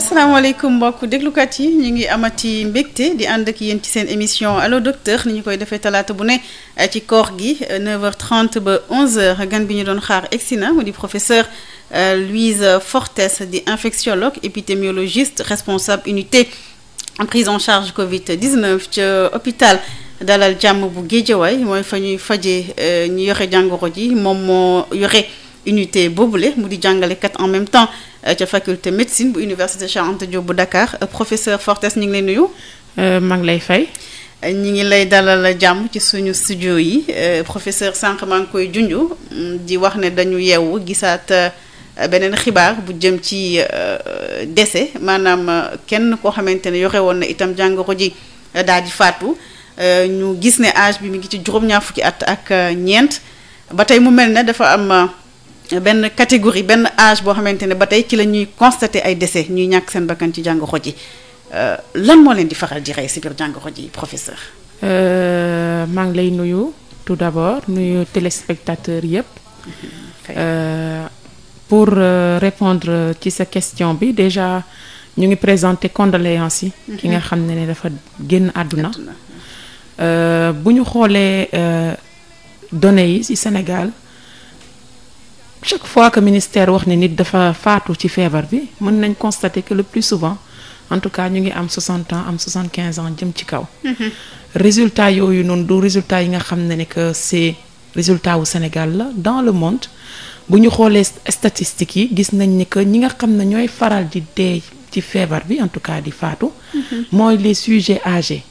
asalaamaaleykum mbokk déglukat yi ñu ngi amati mbégte di ànd ak yéen ci seen émission allo docteur ni ñu koy defee talaata bu ne eh, ci koor gi 9 eh, h ba 11h gan bi ñu doon xaar egsi na mu di professeur eh, Louise Fortes di infectiologue épidémiologiste responsable unité prise en charge Covid 19 ca hôpital. dalal jàmm bu géejawaay mooy fa ñuy fajee ñu yore jàngoro ji moom moo yore unité le mu di jàngalekat en même temps. Euh, ca faculté médecine bu université Cheikh Anta bu Dakar euh, professeur Fortes ñu ngi lay nuyu. Euh, maa lay fay. ñi ngi lay dalal jàmm ci suñu studio yi professeur sànq maa ngi koy junj mm, di wax ne dañu yeewu gisaat beneen xibaar bu jëm ci décès maanaam kenn koo xamante ne yore woon na itam jàngoro ji daal di faatu ñu gis ne âge bi mu ngi ci juróom-ñaar fukki at ak ñeent ba tey mu mel ne dafa am. benn catégorie benn age boo xamante ne ba tey ci la ñuy constater ay décès ñuy ñàkk seen bakkan ci jàngoro ji euh, lan moo leen di faxal di rey si biir jàngoro ji professeur. Euh, maa ngi lay nuyu tout d'abord nuyu téléspectateurs yépp. Euh, pour répondre ci sa question bi déjà ñu ngi présenter condoléances yi. ki nga mhm. xam ne dafa génn àdduna. bu ñu xoolee données yi ci Sénégal. chaque fois que ministère wax ne nit dafa faatu ci feebar bi mën nañ constater que le plus souvent en tout cas ñu ngi am 60 ans am 75 ans jëm ci kaw. Mhm. résultat yooyu noonu du résultat yi nga xam ne ne que c'est résultat wu Sénégal la dans le monde bu ñu xoolee statistiques yi gis nañ ni que ñi nga xam ne ñooy faral di dee ci feebar bi en tout cas di faatu. Mhm. mooy les sujets âgés.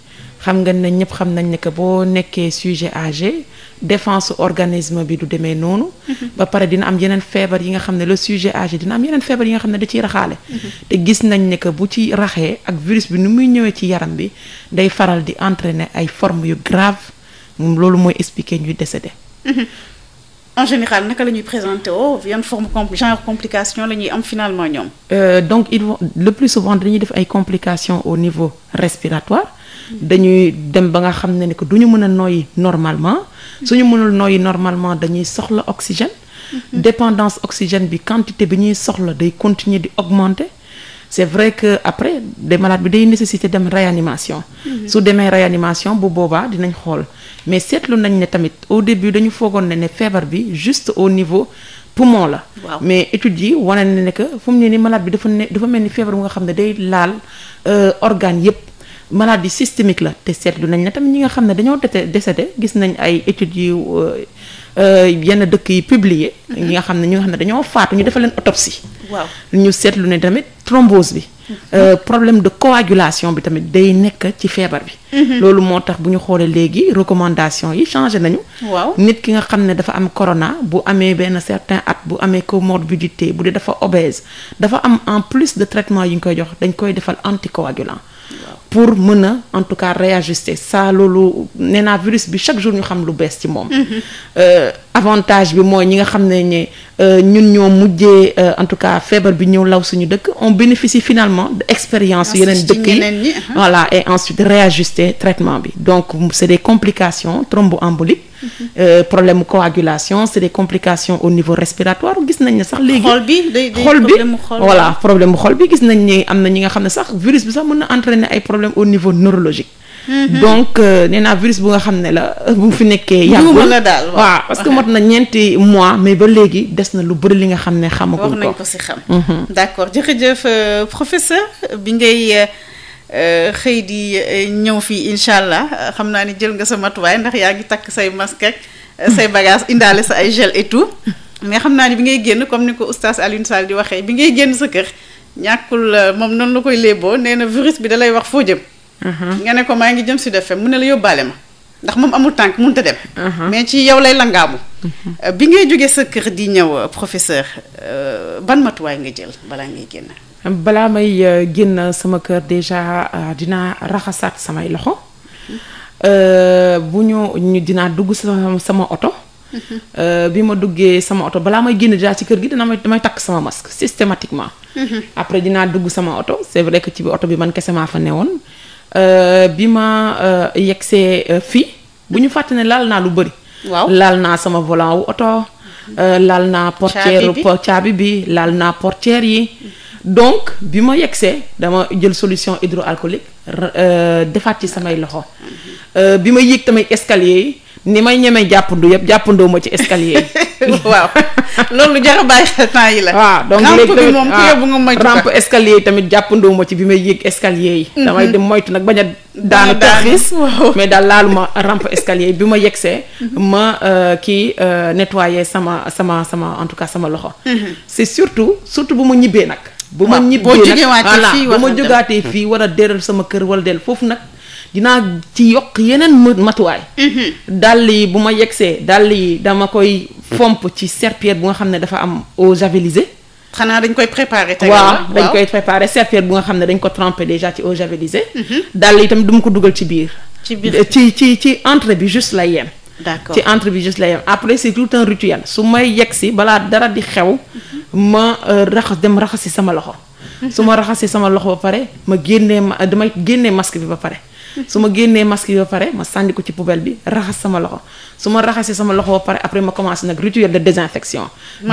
xam nga ne ñëpp xam nañ ne que boo nekkee sujet âgé défense organisme bi du demee noonu. Mm-hmm. ba pare dina am yeneen feebar yi nga xam ne le sujet âgé dina am yeneen feebar yi nga xam ne da ciy raxaale. Mm-hmm. te gis nañ ne que bu ci raxee ak virus bi nu muy ñëwee ci yaram bi day faral di entraîner ay formes yu grave moom loolu mooy expliquer ñuy décédé. Mm-hmm. en général naka la ñuy présenté woo oh, yan forme genre complication la ñuy am finalement ñoom. Euh, donc il le plus souvent dañuy def ay complications au niveau respiratoire. dañuy dem ba nga xam ne ne que du ñu mën a noyyi normalement suñu mënul noyyi normalement dañuy soxla oxygène mhm. dépendance oxygène bi quantité bi ñuy soxla day continuer di augmenter c'est vrai que après de malades bi day nécessité dem réanimation mhm. su demee réanimation bu boobaa dinañ xool mais seetlu nañ ne tamit au début dañu foogoon ne ne feebar bi juste au niveau poumon la mais études yi wane na ne que fu mu ne ni malade bi dafa ne dafa mel ni feebar bu nga xam ne day laal euh, organe yépp maladie systémique la te seetlu nañ ne tamit ñi nga xam ne dañoo décédé gis nañ ay études yu euh, euh, yenn dëkk yi publier mhm. ñi nga xam ne ñi nga ne dañoo faatu ñu defal leen autopsie. waaw ñu seetlu ne tamit trombose bi. Mhm. Euh, problème de coagulation bi tamit day nekk ci feebar bi. Mhm. loolu moo tax bu ñu xoolee léegi recommandation yi changé nañu. waaw nit ki nga xam ne dafa am corona bu amee benn certain at bu amee comorbidité bu dee dafa obèse dafa am en plus de traitement yi ñu koy jox dañ koy defal anticoagulant. pour mën a en tout cas réajuster ça loolu nee naa virus bi chaque jour ñu xam lu bees ci moom mm-hmm. euh, avantage bi mooy ñi nga xam ne ne euh, ñun ñoo mujjee euh, en tout cas feebar bi ñëw law suñu dëkk on bénéficie finalement de expérience yeneen dëkk yi uh-huh. voilà et ensuite réajuster traitement bi donc c'est des complications thromboemboliques Mm -hmm. euh, problème coagulation c'est des complication au niveau respiratoire gis nañ ne sax léegi. xol bi day xol bi voilà problème xol bi gis nañ ne am na ñi nga xam ne sax virus bi sax mën na entraîner ay problème au niveau neurologique. Mm-hmm. donc euh, nee naa virus bu nga xam ne la euh, bu mu fi nekkee. yàggul la daal waaw parce que mot na ñeenti mois mais ba léegi des na lu bëri li nga xam ne xamagul ko. wax ko si xam. Mm-hmm. d'accord jërëjëf euh, professeur bi ngay. xëy di ñëw fii incha xam naa ni jël nga sa matuwaay ndax yaa ngi takk say masque say bagage indaale sa ay gel et mais xam naa ni bi ngay génn comme ni ko oustaz Alioune Sall di waxee bi ngay génn sa kër ñàkkul moom noonu lu koy léeboo nee na virus bi dalay wax foo jëm. Uh-huh. nga ne ko maa ngi jëm si def mu ne la yóbbaale ma ndax moom amul tànk mun te dem. Uh-huh. mais ci yow lay langaamu. Uh-huh. bi ngay jógee sa kër di ñëw euh, professeur euh, ban matuwaay nga jël balaa ngay génn. balaa may euh, génn sama kër déjà dinaa raxasaat samay loxo bu ñu dinaa dugg sama sama oto. bi ma duggee sama oto balaa may génn dinaa ci kër gi dina may damay takk sama masque systématiquement. après dinaa dugg sama oto c'est vrai que ci oto bi man kese maa fa newoon. Euh, bi ma euh, yegsee euh, fi bu ñu fàtte ne laal naa lu bëri. waaw laal naa sama volant wu oto. laal naa portière caabi bi laal naa portière yi. donc bi ma yegsee dama jël solution hydroalcoolique defaat ci samay loxo. bi ma yéeg tamit escalier yi. ni may ñeme jàppandu yëpp jàppandoo ma ci escalier yi. waaw loolu jar a bàyyi yi la. waaw ah, donc léegi tamit moom ah, rampe escalier yi tamit jàppandoo ma ci bi may yéeg escalier yi. Mhm. damay dem moytu nag bañ a daanu taxis mais daal laaluma ramp escalier bi ma yegsee. Mhm. ma euh, kii euh, nettoyer sama sama sama en tout cas sama loxo. Mhm. c'est surtout surtout bu ma ñibbee nag. bu ma ñibbee nag voilà bu ma jógaatee fii war a sama kër wala dellu foofu nag. dinaa ci yokk yeneen matuwaay. Mhm. dàll yi bu ma yegsee dàll yi dama koy fomp ci serpillère bu nga xam ne dafa am eau javelisée. xanaa dañ koy préparer. tey waaw dañ koy préparer serpillère bu nga xam ne dañ ko trempé déjà ci eau javelisée. Mhm. dàll yi tamit du ko dugal ci biir. ci biir euh, ci ci ci entrée bi juste la yem. d'accord ci entre bi juste lay am après c'est tout un rituel su may yegg si balaa dara di xew ma euh, raxas dem raxasi sama loxo mhm. su ma raxasi sama loxo ba pare ma génnee ma damay génnee masque bi ba pare su ma génnee masque yoo ba pare ma sànni ko ci poubelle bi raxas sama loxo su ma raxasee sama loxo ba pare après ma commencé nag rituel de désinfection.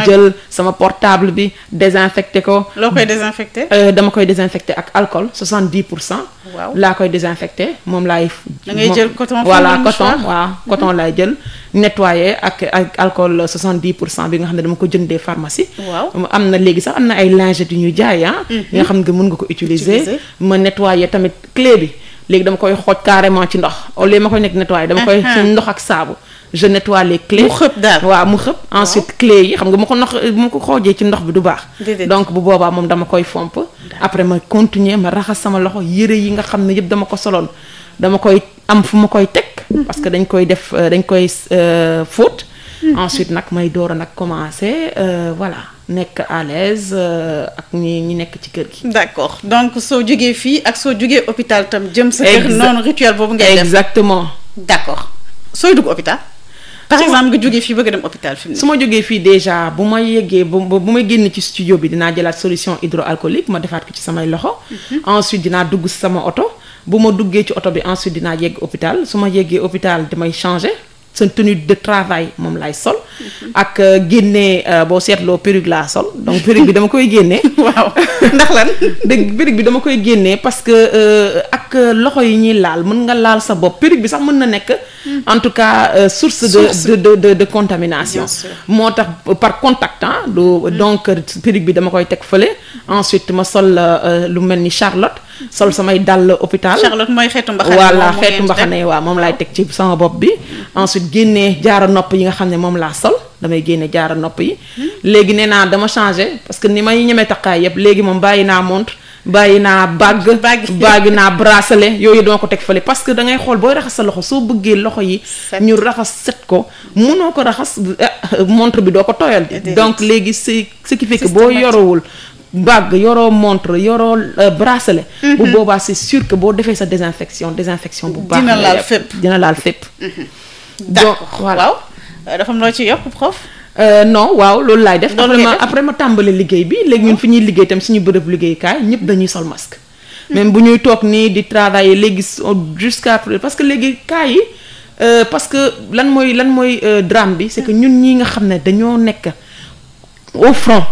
jël sama portable bi désinfecté ko. loo koy désinfecté. Euh, dama koy désinfecté ak alcool 70 pour cent. waaw laa koy désinfecté moom laay. da ngay jël coton voilà coton waaw mhm. coton laay jël. nettoyé ak ak alcool 70 pour cent bi nga xam ne dama ko jëndee pharmacie. waaw am na léegi sax am na ay lingettes yu ñuy jaay ah. nga mhm. xam nga mën nga ko utiliser. ma nettoyé tamit clé bi. léegi dama koy xooj carrément ci ndox au lieu ma koy nekk nettoyé dama koy uh-huh. ci ndox ak saabu je nettoie les clés mu xëpp daal waaw mu xëpp ensuite clé yi xam nga ma ko nox ma ko xoojee ci ndox bi du baax donc bu boobaa moom dama koy fomp après ma continuer ma raxas sama loxo yére yi nga xam ne yëpp dama ko soloon dama koy am fu ma koy teg mm-hmm. parce que dañ koy def euh, dañ koy euh, fóot ensuite nag may door a nag commencer euh, voilà nekk à l'aise euh, ak ñi ñi nekk ci kër gi. d'accord donc soo jógee fii ak soo jógee hôpital tam jëm sa kër noonu rituel boobu ngay def exactement. d'accord sooy dugg hôpital. par exemple nga jógee fii bëgg a dem hôpital fi mu su ma jógee fii déjà bu ma yeggee bu bu may génn ci studio bi dinaa jëlaat solution hydroalcoolique ma defaat ko ci samay loxo. Mhm. ensuite dinaa dugg sama oto. bu ma duggee ci oto bi ensuite dinaa yegg hôpital su ma yeggee hôpital damay changer seen tenue de travail moom laay sol. Mhm. ak euh, génne euh, boo seetloo perruque laa sol donc perruque bi dama koy génne. waaw ndax bi dama koy génne parce que euh, ak loxo yi ñuy laal mën nga laal sa bopp perruque bi sax mën na nekk. Mhm. en tout cas source de de de de contamination. moo tax par contact ah. donc perruque bi dama koy teg fële. ensuite ma sol lu mel ni Charlotte. sol samay dàll hôpital. Charlotte mooy xeetu mbaxane voilà xeetu mbaxane waaw moom laay teg ci sama bopp bi. ensuite génnee jaara nopp yi nga xam ne moom laa sol damay génne jaara nopp yi. léegi nee naa dama changé parce que ni may ñeme takkaay yëpp léegi moom bàyyi naa montre bàyyi naa bague bàyyi naa bracelet yooyu dama ko teg fële parce que da ngay xool booy raxas sa loxo soo bëggee loxo yi ñu raxas set ko munoo ko raxas eh, montre bi doo ko tooyal donc léegi c'est si qui boo yorowul mbagg yoro montre yoro euh, bracelet. Mm-hmm. bu boobaa c'est sûr boo defee sa désinfection désinfection bu baax. naa laal fépp dina laal fépp. Mm-hmm. d'accord voilà euh, dafa am loo ci yokk prof. Euh, non waaw loolu laay def. après ma après ma tàmbale liggéey bi léegi ñun fi ñuy liggéey itam suñu bërëb liggéeykaay ñëpp dañuy sol masque. Mm-hmm. même bu ñuy toog nii di travailler léegi jusqu'à parce que léegi cas yi parce que lan mooy lan mooy drame bi c'est que ñun ñi nga xam ne dañoo nekk. au front.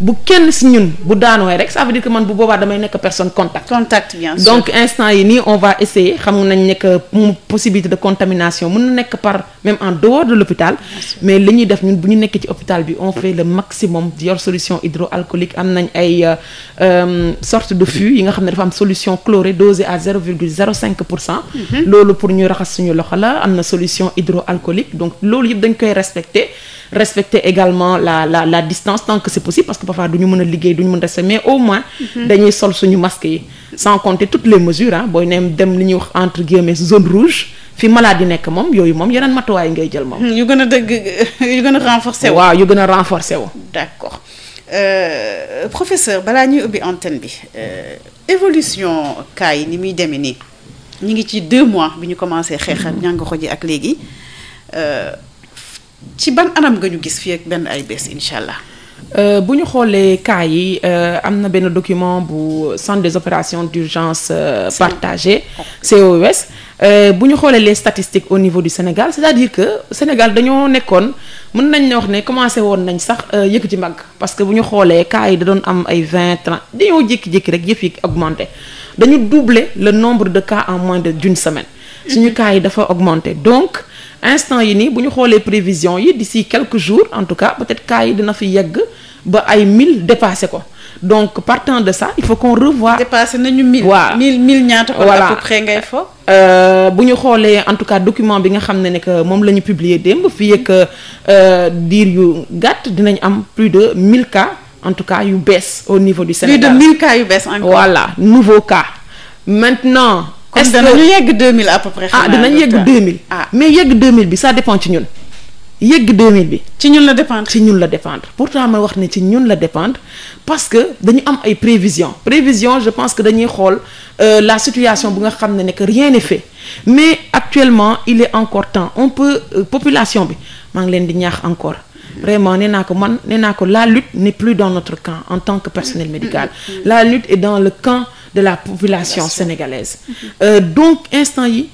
bu kenn si ñun bu daanooy rek sa veut dire man bu boobaa damay nekk personne contact. contact bien sûr donc instant yi nii on va essayer xam nañ nekk mu possibilité de contamination mun na nekk par même en dehors de l'hôpital mais li ñuy def ñun bu ñu nekkee ci hôpital bi on fait le maximum yor solution hydroalcoolique am nañ ay euh, euh, sorte de fût yi nga xam ne dafa am solution chlorée dosée à zéro virgule zéro cinq pour cent. Mhm. loolu pour ñuy raxas suñu loxo la am na solution hydroalcoolique donc loolu yëpp dañ koy respecter. respecté également la la la distance tant que c'est possible parce que parfois du ñu mën a liggéey du ñu mën a rester mais au moins. Mhm. dañuy sol suñu masque yi. sans compter toutes les mesures ah booy neem dem li ñuy wax entre guillemets zone rouge. fi malade yi nekk moom yooyu moom yeneen matuwaay ngay jël moom. yu gën a dëgg yu gën a renforcer wu. waaw a renforcer wu. d'accord euh, professeur balaa ñuy ubbi antenne bi euh, évolution cas yi ni muy demee nii ñu ngi ci deux mois bi ñu commencé xeexal ñànga xoji ak léegi. Euh, ci ban anam nga ñu gis fii ak benn ay bés incha allah. Euh, bu ñu xoolee cas yi euh, am na benn document bu centre des opérations d'urgence euh, partagées COES bu ñu xoolee les statistiques au niveau du Sénégal c'est-à-dire que Sénégal dañoo nekkoon mën nañ ne wax ne commencé woon nañ sax yëkk ci mbagg parce que bu ñu xoolee cas yi da doon am ay vingt trente dañoo jékki-jékki rek yëpp yi augmenté dañu doubler le nombre de cas en moins de d'une semaine mm-hmm. suñu cas yi dafa augmenté donc instant yi nii bu ñu xoolee prévision yi di d'ici quelques jour en tout cas peut-être cas yi dina fi yegg ba ay mille dépassé ko donc partant de ça il faut qu'on revoie. dépassé nañu mille. waaw mille mille ñaata. voilà à peu près ngay fo. Euh, bu ñu xoolee en tout cas document bi nga xam ne ne que moom la ñu publier démb fii ak euh, diir yu gàtt dinañ am plus de mille cas en tout cas yu bees au niveau du Sénégal. de mille cas yu bees encore. voilà nouveau cas maintenant. est ce que danañu yegg 2000 à peu près. ah yegg 2000. ah mais yegg 2000 bi ça dépend ci ñun. yëgg 2000 bi. ci ñun la dépendre ci ñun la dépendre pourtant ma wax ne ci ñun la dépendre parce que dañu am ay prévision prévision je pense que dañuy xool euh, la situation bu nga xam ne ne que rien n'est fait mais actuellement il est encore temps on peut euh, population bi maa ngi leen di ñaax encore. vraiment nee naa ko man nee naa ko la lutte n'est plus dans notre camp en tant que personnel médical. de la population sénégalaise mhm. euh, donc instant yi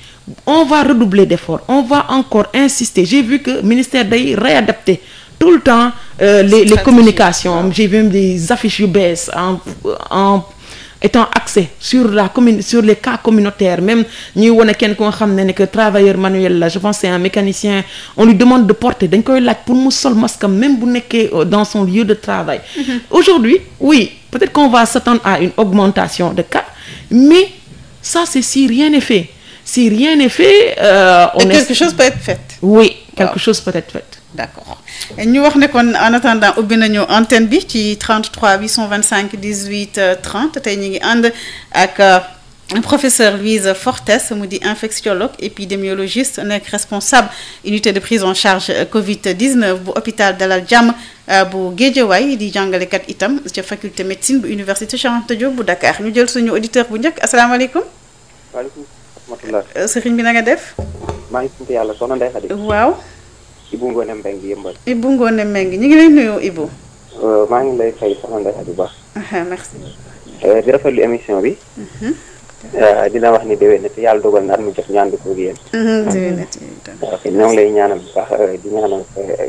on va redoubler d'efforts on va encore insister j'ai vu que ministère day réadapter tout le temps euh, les les communications j'ai vu même des affiches yu bees en en étant axé sur la commune sur les cas communautaires même ñuy wane kenn ku nga ne ne que travailleur manuel la je pense c'est un mécanicien on lui demande de porter dañ koy laaj pour mu sol masque même bu nekkee euh, dans son lieu de travail mm-hmm. aujourd'hui oui peut-être qu'on va s'attendre à une augmentation de cas mais ça c'est si rien n'est fait si rien n'est fait euh, chose peut être oui quelque chose peut être fait d' accord ñu wax ne kon en attendant ubbi nañu antenne bi ci 33 825 18 30 tey ñu ngi ànd ak. Euh, professeur Louise Fortes mu di infectiologue épidémiologiste nekk responsable unité de prise en charge euh, Covid 19 bu hôpital Dalal Jàmm euh, bu Géejawaay di jàngalekat itam ca faculté médecine bu université Cheikh Anta Diop bu Dakar ñu jël suñu auditeur bu njëkk asalaamaaleykum. waaleykum salaam bi na nga def. waaw. Ibou Ngoné Mbengue yëmbal. Ibou Ngoné Mbengue ñu ngi lay nuyu Ibou. Euh, maa ngi lay fay soxna Ndeye Khady Ba. merci. Euh, di rafetlu émission bi. Mhm. Euh, di la wax ni déwénati yàlla dogal na at mu jot ñaan di ko yéen. Mhm, déwénati ñoo ngi lay ñaanal bu baax di ñaanal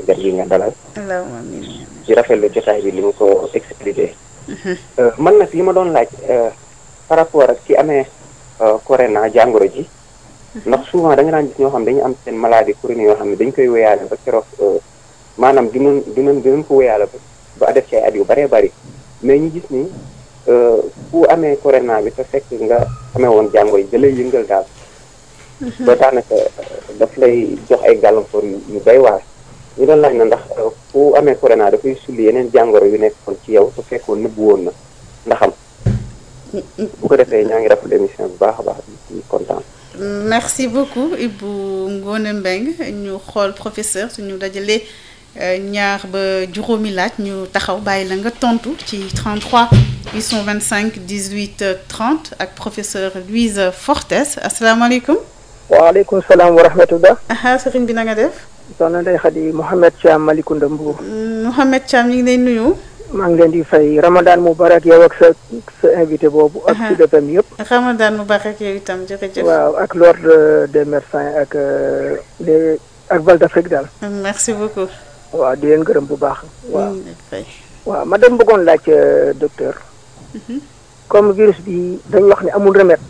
gan gi nga dalal. allahumma amiin. di jotaay bi li mu ko expliqué. Mhm. man na li ma doon laaj par rapport ak ci amee kore naa jàngoro ji. ndax souvent da nga daan gis ñoo xam dañu am seen maladie chronique yoo xam ne dañ koy wéyaale ba keroog euh, maanaam dinañ dina dinañ ko wéyaale ba ba def ci ay at yu bëree bari mais ñu gis ni euh, ku amee corona bi sa fekk nga amee woon jàngoro yi da lay yëngal daal. Mhm. ba daanaka euh, daf lay jox ay gàllankoor yu doy waar. ñu doon laaj na ndax ku amee corona dafay sulli yeneen jàngoro yu nekkoon ci yow su fekkoon nëbbu woon na ndaxam. bu ko defee ñaa ngi rafetlu émission bu baax a baax di kontaan. merci beaucoup Ibou Ngone Mbengue ñu xool professeur suñu dajalee euh, ñaar ba juróomi laaj ñu taxaw bàyyi la nga tontu ci 33 825 18 30 ak professeur Louise Fortes asalaamaaleykum. waaleykum salaam wa rahmatullah. sëriñ bi na nga def. soxna Ndeye Khady Mouhamed Thiam Malicounda Mbour. Mouhamed Thiam ñu ngi lay nuyu. maa ngi leen di fay Ramadan Moubarak yow ak sa invité boobu. ak Sud FM yëpp. Ramadan Moubarak yow itam jërëjëf. waaw ak l'ordre des médecins ak les euh, ak Val d'Afrique daal. merci beaucoup. waaw di leen gërëm bu baax. waaw waaw ma dem bëggoon laaj euh, docteur. Mhm. comme virus bi dañu wax ne amul remède.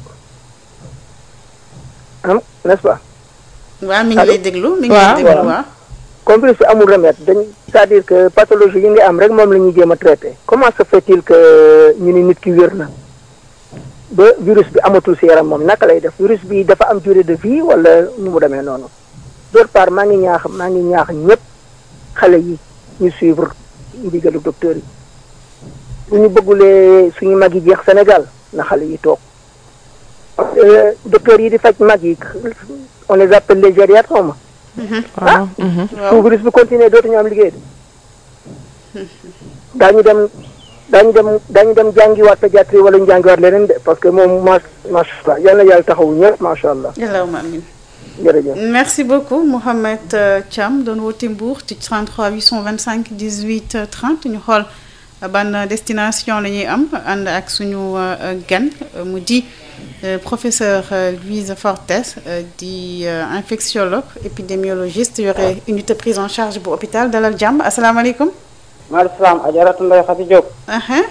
am nest pas. waaw mi ngi déglu mi ngi déglu waaw. complexe amul remède dañ c'est-à-dire que pathologie yi nga am rek moom la ñuy jéem a traité comment se fait-il que ñu ni nit ki wér na ba virus bi amatul si yaram moom naka lay def virus bi dafa am durée de vie wala nu mu demee noonu d'autre part maa ngi ñaax maa ngi ñaax ñëpp xale yi ñu suivre ndigalu docteur yi bu ñu bëggulee suñu mag yi jeex senegal na xale yi toog euh, docteur yi di faj mag yi on les appelle les gériatres Mm-hmm. waaw suñu bis bu continuer dootuñu am liggéey bi mm-hmm. daañu dem daañu dem daañu dem jàngiwaat pédiatrie wala ñu jàngiwaat leneen de parce que moom ma macha allah yal na yàlla taxawu ñëpp macha allah. allahumma amin jërëjëf merci beaucoup Mouhamed euh, Thiam doon woote Mbour ci 33 825 18 30 ñu xool euh, ban euh, destination la ñuy am ànd ak suñu gan mu di. Euh, professeur euh, Louise Fortes euh, di infectiologue épidémiologiste yore ah. unité prise en charge bu hôpital dalal jàmm asalaamaaleykum. maaleykum salaam Ajaratu Ndeye Khady Diop. Uh-huh.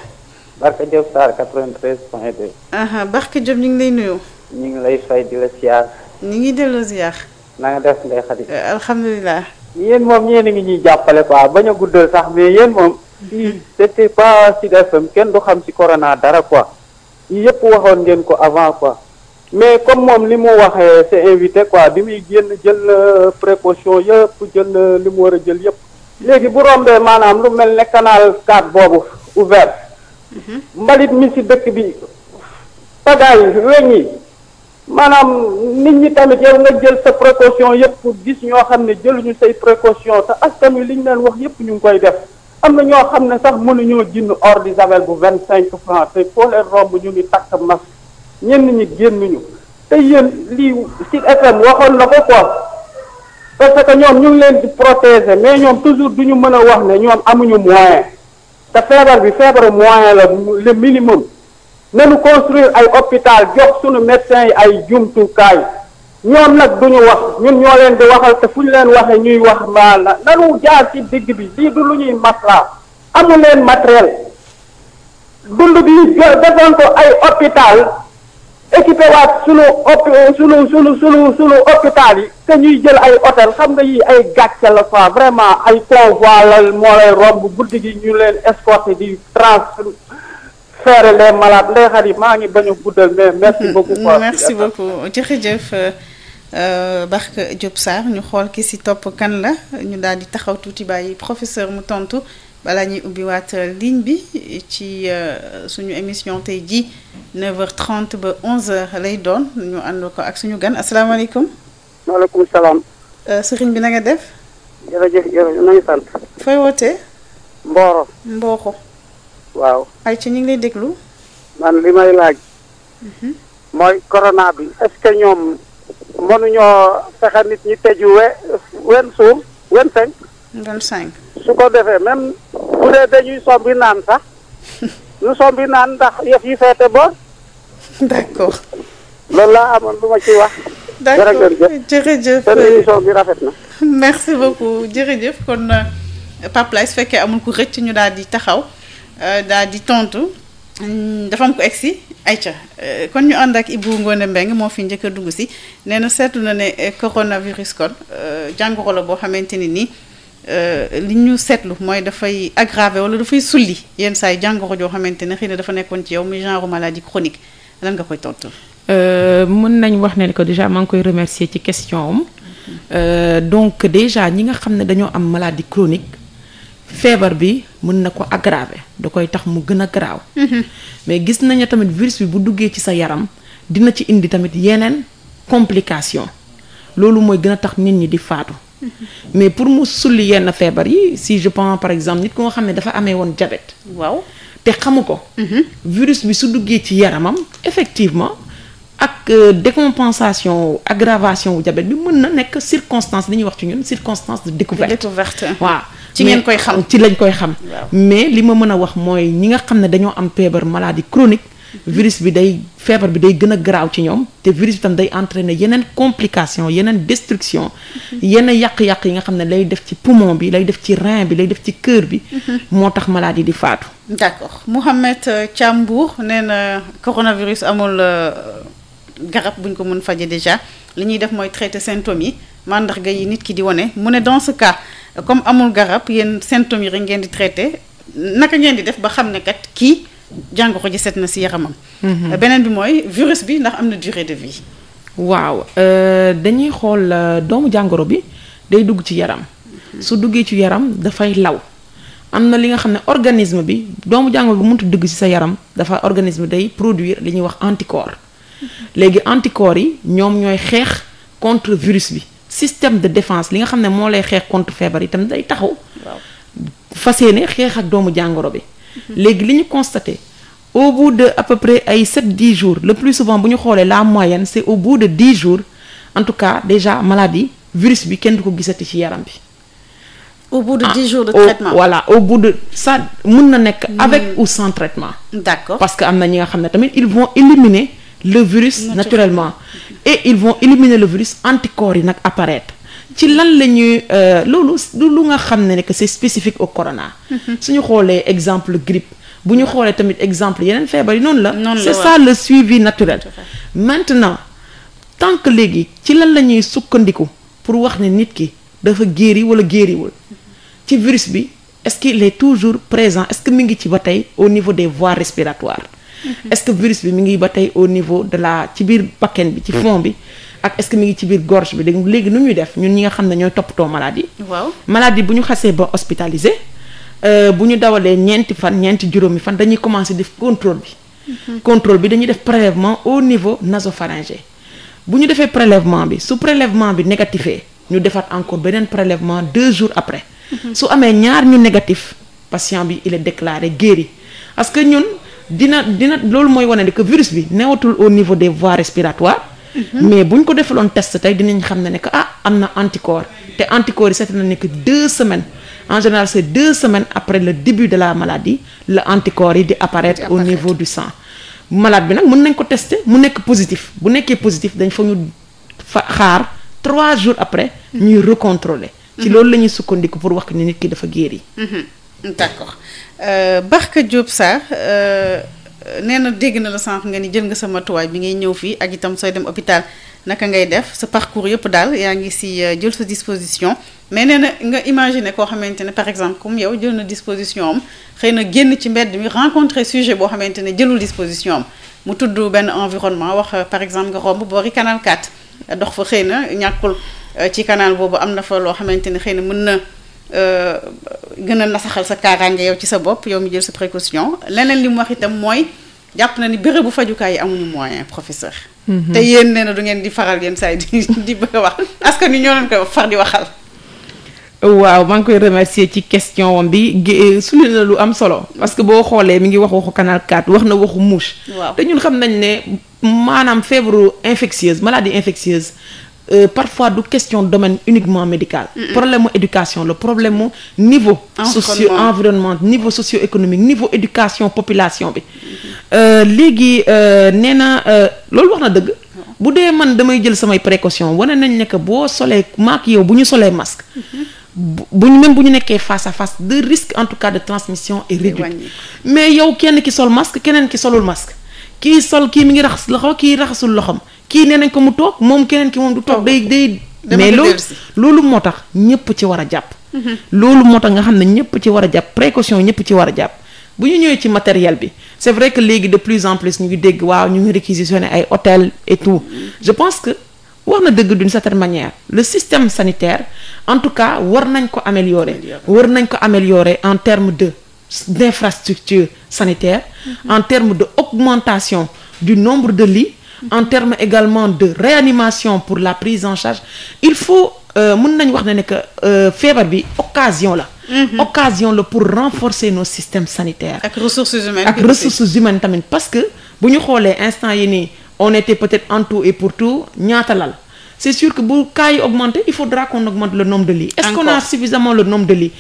Barke Diop Sarr 93 point 2. Uh-huh. Barke Diop ñu ngi lay nuyu. ñu ngi lay fay di la siyaar. ñu ngi delloo ziar. na def Ndeye Khady. alhamdulilah. yéen moom yéen a ngi ñuy jàppale quoi bañ a guddal sax mais yéen moom. Mm-hmm. c'était pas Sud FM kenn du xam ci corona dara quoi. yëpp waxoon ngeen ko avant quoi mais comme moom li mu waxee c'est invité quoi bi muy génn jël na euh, précaution yëpp jël na euh, li mu war a jël yëpp léegi bu rombee maanaam lu mel ne canal 4 boobu ouvert mhm. mbalit mi ci dëkk bi pagaay weñ yi maanaam nit ñi tamit yow nga jël sa précaution yëpp gis ñoo xam ne jëluñu say précaution te askan wi li ñu leen wax yëpp ñu ngi koy def am na ñoo xam ne sax mënuñoo jënd or d'Isabelle bu vingt cinq francs te foo leen romb ñu ngi takk masque ñenn ñi génnuñu te yéen lii si FM waxoon na ko quoi parce que ñoom ñu ngi leen di protéger mais ñoom toujours ñu mën a wax ne ñoom amuñu moyen te feebar bi feebaru moyen la le minimum nañu construire ay hôpital jox suñu médecins yi ay jumtukaay ñoom nag duñu wax ñun ñoo leen di waxal te fu ñu leen waxee ñuy wax maa la nanu jaar ci digg bi lii du lu ñuy maslaa amu leen matériel dund bi defoon ko ay hôpital équipé waat sunu op sunu sunu sunu sunu hôpital yi te ñuy jël ay hôtel xam nga yi ay gàcce la quoi vraiment ay convoi la moo lay romb guddi gi ñu leen escorté di transférer les malades ndey yi maa ngi bañ a guddal mais merci beaucoup merci beaucoup jërëjëf Euh, Barka Diop saar ñu xool ki si topp kan la ñu daal di taxaw tuuti bàyyi professeur mu tontu balaa ñuy ubbiwaat euh, ligne bi ci euh, suñu émission tey jii 9 h ba 11h lay doon ñu ànd ko ak suñu gan asalaamaaleykum. maaleykum salaam. sëriñ bi na def. jërëjëf jërëjëf nañu sant. waaw. ay ci ñu ngi lay déglu. man li may laaj. Mhm. mooy corona bi est ñoom. mënuñoo fexe nit ñi tëju we wen suur wen cinq su ko defee même bu dee dañuy sombi naan sax nu sombi naan ndax yëf yi feete boor d'accord loolu laa amoon lu ma ciy wax d'accord jërëjëf seen émission bi rafet na merci beaucoup jërëjëf kon euh, Pape Lay su fekkee amul ku rëcc ñu daal di taxaw euh, daal di tontu dafa am ko egsi ay ca euh, kon ñu ànd ak Ibou Ngoné Mbengue moo fi njëkk a dugg si nee na seetlu na ne euh, coronavirus kon euh, jàngoro la boo xamante ni nii li ñu seetlu mooy dafay aggravé wala dafay sulli yenn saa yi jàngoro joo xamante ne xëy ne dafa nekkoon ci yow muy genre maladie chronique lan nga koy tontu. mën nañ wax ne que déjà maa ngi koy remercier ci question am donc déjà ñi nga xam ne dañoo am maladie chronique. feebar bi mën na ko aggraver da koy tax mu gën a garaaw. Mhm. mais gis nañu tamit virus bi bu duggee ci sa yaram dina ci indi tamit yeneen complication loolu mooy gën a tax nit ñi di faatu. Mhm. mais pour mu sulli yenn feebar yi si je prends par exemple nit ku xam ne dafa amee woon jabet waaw te xamu ko. Mhm. virus bi su duggee ci yaramam effectivement. ak euh, décompensation aggravation wu diabète bi mën na nekk circonstance li ñuy wax ci ñun circonstance de découverte. de découverte ci ngeen koy xam ci lañ koy xam. mais li ma mën a wax mooy ñi nga xam ne dañoo am feebar maladie chronique. Mhm. virus bi day feebar bi day gën a garaaw ci ñoom te virus bi tam day entraîner yeneen complication yeneen destruction mhm. yenn yàq-yàq yi nga xam ne lay def ci poumon bi lay def ci rein bi lay def ci cœur bi mhm. moo tax maladie di faatu d'accord Mouhamed euh, Thiambour nee na coronavirus amul euh, garab buñ ko mën fajee déjà li ñuy def mooy traiter symptômes yi mandarga yi nit ki di wane mu ne dans ce comme amul garab yéen symptômes yi rek ngeen di traité naka ngeen di def ba xam ne kat kii jàngoro ji seet na si yaramam. Mhm. beneen bi mooy virus bi ndax am na durée de vie. waaw euh, dañuy xool euh, doomu jàngoro bi day dugg ci yaram. su duggee ci yaram dafay law. am na li nga xam ne organisme bi doomu jàngoro bu mënut dugg ci sa yaram dafa organisme day produire li ñuy wax anticorps mhm. léegi anticorps yi ñoom ñooy xeex contre virus bi. système de défense li nga xam ne moo lay xeex contre feebar itam day taxaw. fas yéene xeex ak doomu jàngoro bi. Mhm. léegi li ñu constaté au bout de à peu près ay 7-10 jours le plus souvent bu ñu xoolee la moyenne c'est au bout de 10 jours en tout cas déjà maladie virus bi kenn du ko gisati ci yaram bi. au bout de 10 ah, jours de traitement voilà au bout de ça mën na nekk. avec mm. ou sans traitement. d'accord parce que am na ñi nga xam ne tamit ils vont éliminer. le virus naturellement et ils von éliminer le virus anticorps yi nag apparaître ci lan la ñuy euh, loolu lu nga xam ne que c'est spécifique au corona suñu xoolee exemple grippe bu ñu xoolee tamit exemple yeneen feebar yi noonu la c'est ça le suivi naturel maintenant tant que léegi ci lan la ñuy sukkandiku pour wax ne nit ki dafa guéri wala guériwul ci virus bi est-ce qu'il est toujours présent est-ce que mi ngi ci ba tey au niveau des voies respiratoires est-ce que virus bi mu ngi ba tey au niveau de la ci biir bakken bi ci fond bi ak est-ce que mu ngi ci biir gorge bi dégg léegi nu ñuy def ñun ñi nga xam ne ñooy toppatoo maladie waaw maladie bu ñu xasee ba hospitalisé euh, bu ñu dawalee ñeenti fan ñeenti juróomi fan dañuy commencer def contrôle bi mhm. contrôle bi dañuy def prélèvement au niveau nasopharyngé bu ñu defee prélèvement bi su prélèvement bi négatifee ñu defar encore beneen prélèvement deux jours après mhm. su amee ñaar ñu négatif patient bi il est déclaré guéri parce dina dina loolu mooy wane ne que virus bi newatul au niveau des voir respiratoires. Mhm. mais bu ñu ko defaloon test tey dinañ xam ne ne que ah am na anticorps te anticorps yi seet na ne que deux semaines en général c'est deux semaines après le début de la maladie la anticorps yi di apparaître au niveau du sang malade bi nag mën nañ ko tester mu nekk positif bu nekkee positif dañ fa ñu fa xaar trois jours après mhm. ñuy recontrôler ci mhm. loolu la ñuy sukkandiku pour wax ni nit ki dafa guéri d'accord Euh, Barka Diop Sarr euh, nee na dégg na la sànq nga ni jël nga sama tuwaay bi ngay ñëw fii ak itam sooy dem hôpital naka ngay def sa parcours yëpp daal yaa ngi si euh, jël sa disposition mais nee na nga imaginer koo xamante ne par exemple comme yow jël na disposition am xëy na génn ci mbedd mi rencontrer sujet boo xamante ne jëlul disposition am mu tudd benn environnement wax par exemple nga romb boori canal 4 dox fa xëy na ñàkkul ci canal boobu am na fa loo xamante ne xëy na mën na. Euh, gën a nasaxal sa kaaraange yow ci sa bopp yow mi jël sa précaution leneen li mu wax itam mooy jàpp na ni bérébu fajukaay yi amuñu moyen professeur. Mhm. te yéen nee na du ngeen di faral yenn saa yi di di bëgg a wax askan wi ñoo leen ko far di waxal. waaw maa ngi koy remercier ci question wam bi euh, suli na lu am solo parce que boo xoolee mi ngi wax waxu kanal 4 wax na waxu mouche. waaw te ñun xam nañ ne maanaam feebaru infectieuse maladie infectieuse Euh, parfois du question domaine uniquement médical. Mm -mm. problème mu éducation la problème mu niveau. socio environnement niveau socio-économique niveau éducation population bi. Euh, léegi euh, nee na euh, loolu wax na dëgg. bu dee man damay jël samay précaution wane nañ ne que boo solee maak yow bu ñu solee masque. Mm-hmm. bu ñu même bu ñu nekkee face à face de risque en tout cas de transmission est réduit. mais yow kenn ki sol masque keneen ki solul masque. kii sol kii mi ngi raxas loxo kii raxasul loxom kii nee nañ ko mu toog moom keneen ki moom du toog day day mais loolu loolu moo tax ñëpp ci war a jàpp mm-hmm. loolu moo tax nga xam ne ñëpp ci war a jàpp précaution ñëpp ci war a jàpp bu ñu ñëwee ci matériel bi c'est vrai que léegi de plus en plus ñu ngi dégg waaw ñu ngi réquisitionné ay hôtel et tout mm-hmm. je pense que wax na dëgg d'une certaine manière le système sanitaire en tout cas war nañ ko améliorer war nañ ko améliorer en termes de d'infrastructure sanitaire mm-hmm. en termes de augmentation du nombre de lits en termes également de réanimation pour la prise en charge il faut euh, mun nañu wax ne ne que euh, feebar bi occasion la mhm. occasion la pour renforcer nos système sanitaire ak ressources humaines ak ressources humaines tamit parce que bu ñu xoolee instant yi nii on était peut-être en tout et pour tout ñaata lal c'est sûr que bu cas yi augmenté il faudra qu'on augmente le nombre de lits est-ce qu'on a suffisamment le nombre de lits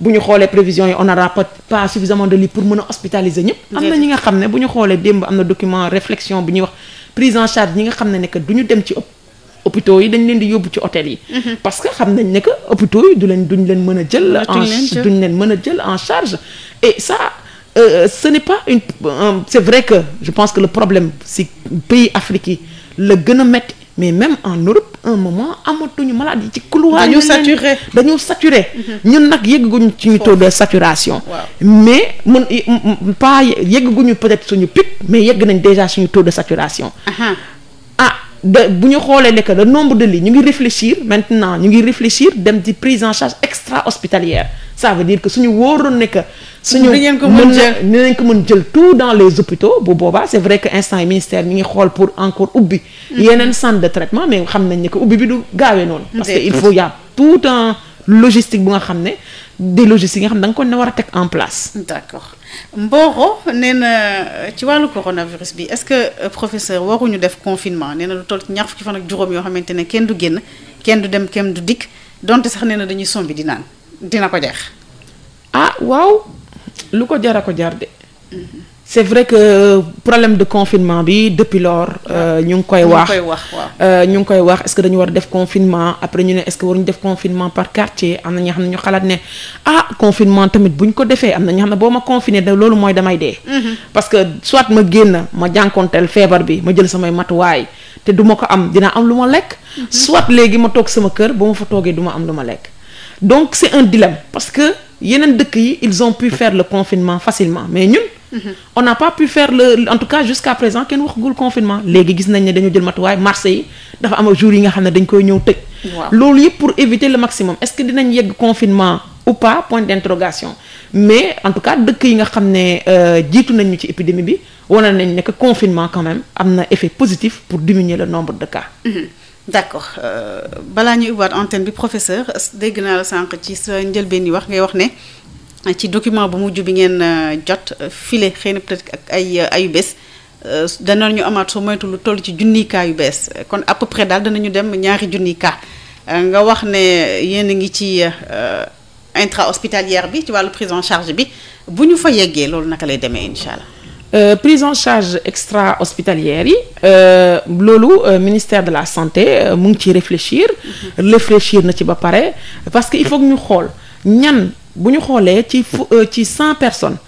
bu ñu xoolee prévision yi on n'aura pas pas suffisamment de lits pour mën a hospitaliser ñëpp am na ñi nga xam ne bu ñu xoolee démb am na document réflexion bu ñuy wax prise en charge ñi nga xam ne ne que du ñu dem ci hôpitaux yi dañ leen di yóbbu ci hôtel yi mm-hmm. parce que xam nañ ne hôpitaux yi du leen duñ leen a jël leen mën a jël en charge euh, euh, euh, vrai que je pense que le problème si pays mais même en Europe un moment amatuñu malade yi ci couloir dañu saturé dañu saturé mhm. ñun nag yëgguñu ci ñu taux de saturation mais mun pas yëgguñu peut-être suñu pic mais yëgg nañ déjà suñu taux de saturation ah de bu ñu xoolee ne que nombre de lii ñu ngi réfléchir maintenant ñu ngi réfléchir dem di prise en charge extra hospitalière sa veut dire que suñu wóoroon ne que suñu mën dinañ ko mën jël tout dans les hôpitaux bu boobaa c'est vrai que instant yi ministère mi ngi xool pour encore ubbi mhm. yeneen centre de traitement mais xam nañ ne que ubbi bi du gaawee noonu parce que il faut y a tout un logistique bu nga xam ne des logistiques yi nga xam da nga ko ne war a teg en place d'accord Mboro nee na euh, ci wàllu coronavirus bi est-ce que euh, professeur waruñu def confinement nee na lu toll ci ñaar fukki fan ak juróom yoo xamante ne kenn du génn kenn du dem kenn du dikk donte sax nee na dañuy sombi di naan dina ko jeex ah, lu ko jar a ko jar de. Mm-hmm. c'est vrai que problème de confinement bi depuis lors euh, ñu ngi koy wax euh, ñu ngi koy wax est-ce que dañu war def confinement après ñu ne est-ce que waruñu def confinement par quartier am na ñoo xam ne ñu xalaat ne ah confinement tamit bu ñu ko defee am na ñoo xam ne boo ma confiné de loolu mooy damay dee mm-hmm. parce que soit ma génn ma jànkonteel feebar bi ma jël samay matuwaay te du ma ko am dinaa am lu ma lekk mm-hmm. soit léegi ma toog sama kër ba ma fa toogee du ma am lu ma lekk yeneen dëkk yi ils on pu fair le confinement facilement mais ñun. on n'a pas pu faire le en tout cas jusqu'à présent kenn waxagul confinement léegi gis nañ ne dañu jël matuwaay marché yi dafa am jour yi nga xam ne dañ koy ñëw tëj. loolu yëpp pour éviter le maximum est-ce que dinañ yegg confinement ou pas point d'interrogation mais en tout cas dëkk yi nga xam ne euh, jiitu nañ ñu ci épidémie bi wane nañ ne que confinement quand même am na effet positif pour diminuer le nombre de d'accord euh, balaa ñuy ubbiwaat antenne bi professeur dégg naa la sànq ci sa njëlbeen yi wax ngay wax ne ci document bu mujj bi ngeen euh, jot file xëy na peut ak ay euh, ayu bees danañ ñu amaat soo moytu lu toll ci junniy cas yu bees kon à peu près daal danañu dem ñaari junniy cas nga wax ne yéen ngi ci intra hospitalière bi ci wàllu prise en charge bi bu ñu fa yeggee loolu naka lay demee incha allah. Euh, prise en charge extra hospitalière yi euh, loolu euh, ministère de la santé euh, mu ngi ciy réfléchir réfléchir na ci ba pare parce que il faut que ñu xool ñan bu ñu xoolee ci fu euh, ci cent personnes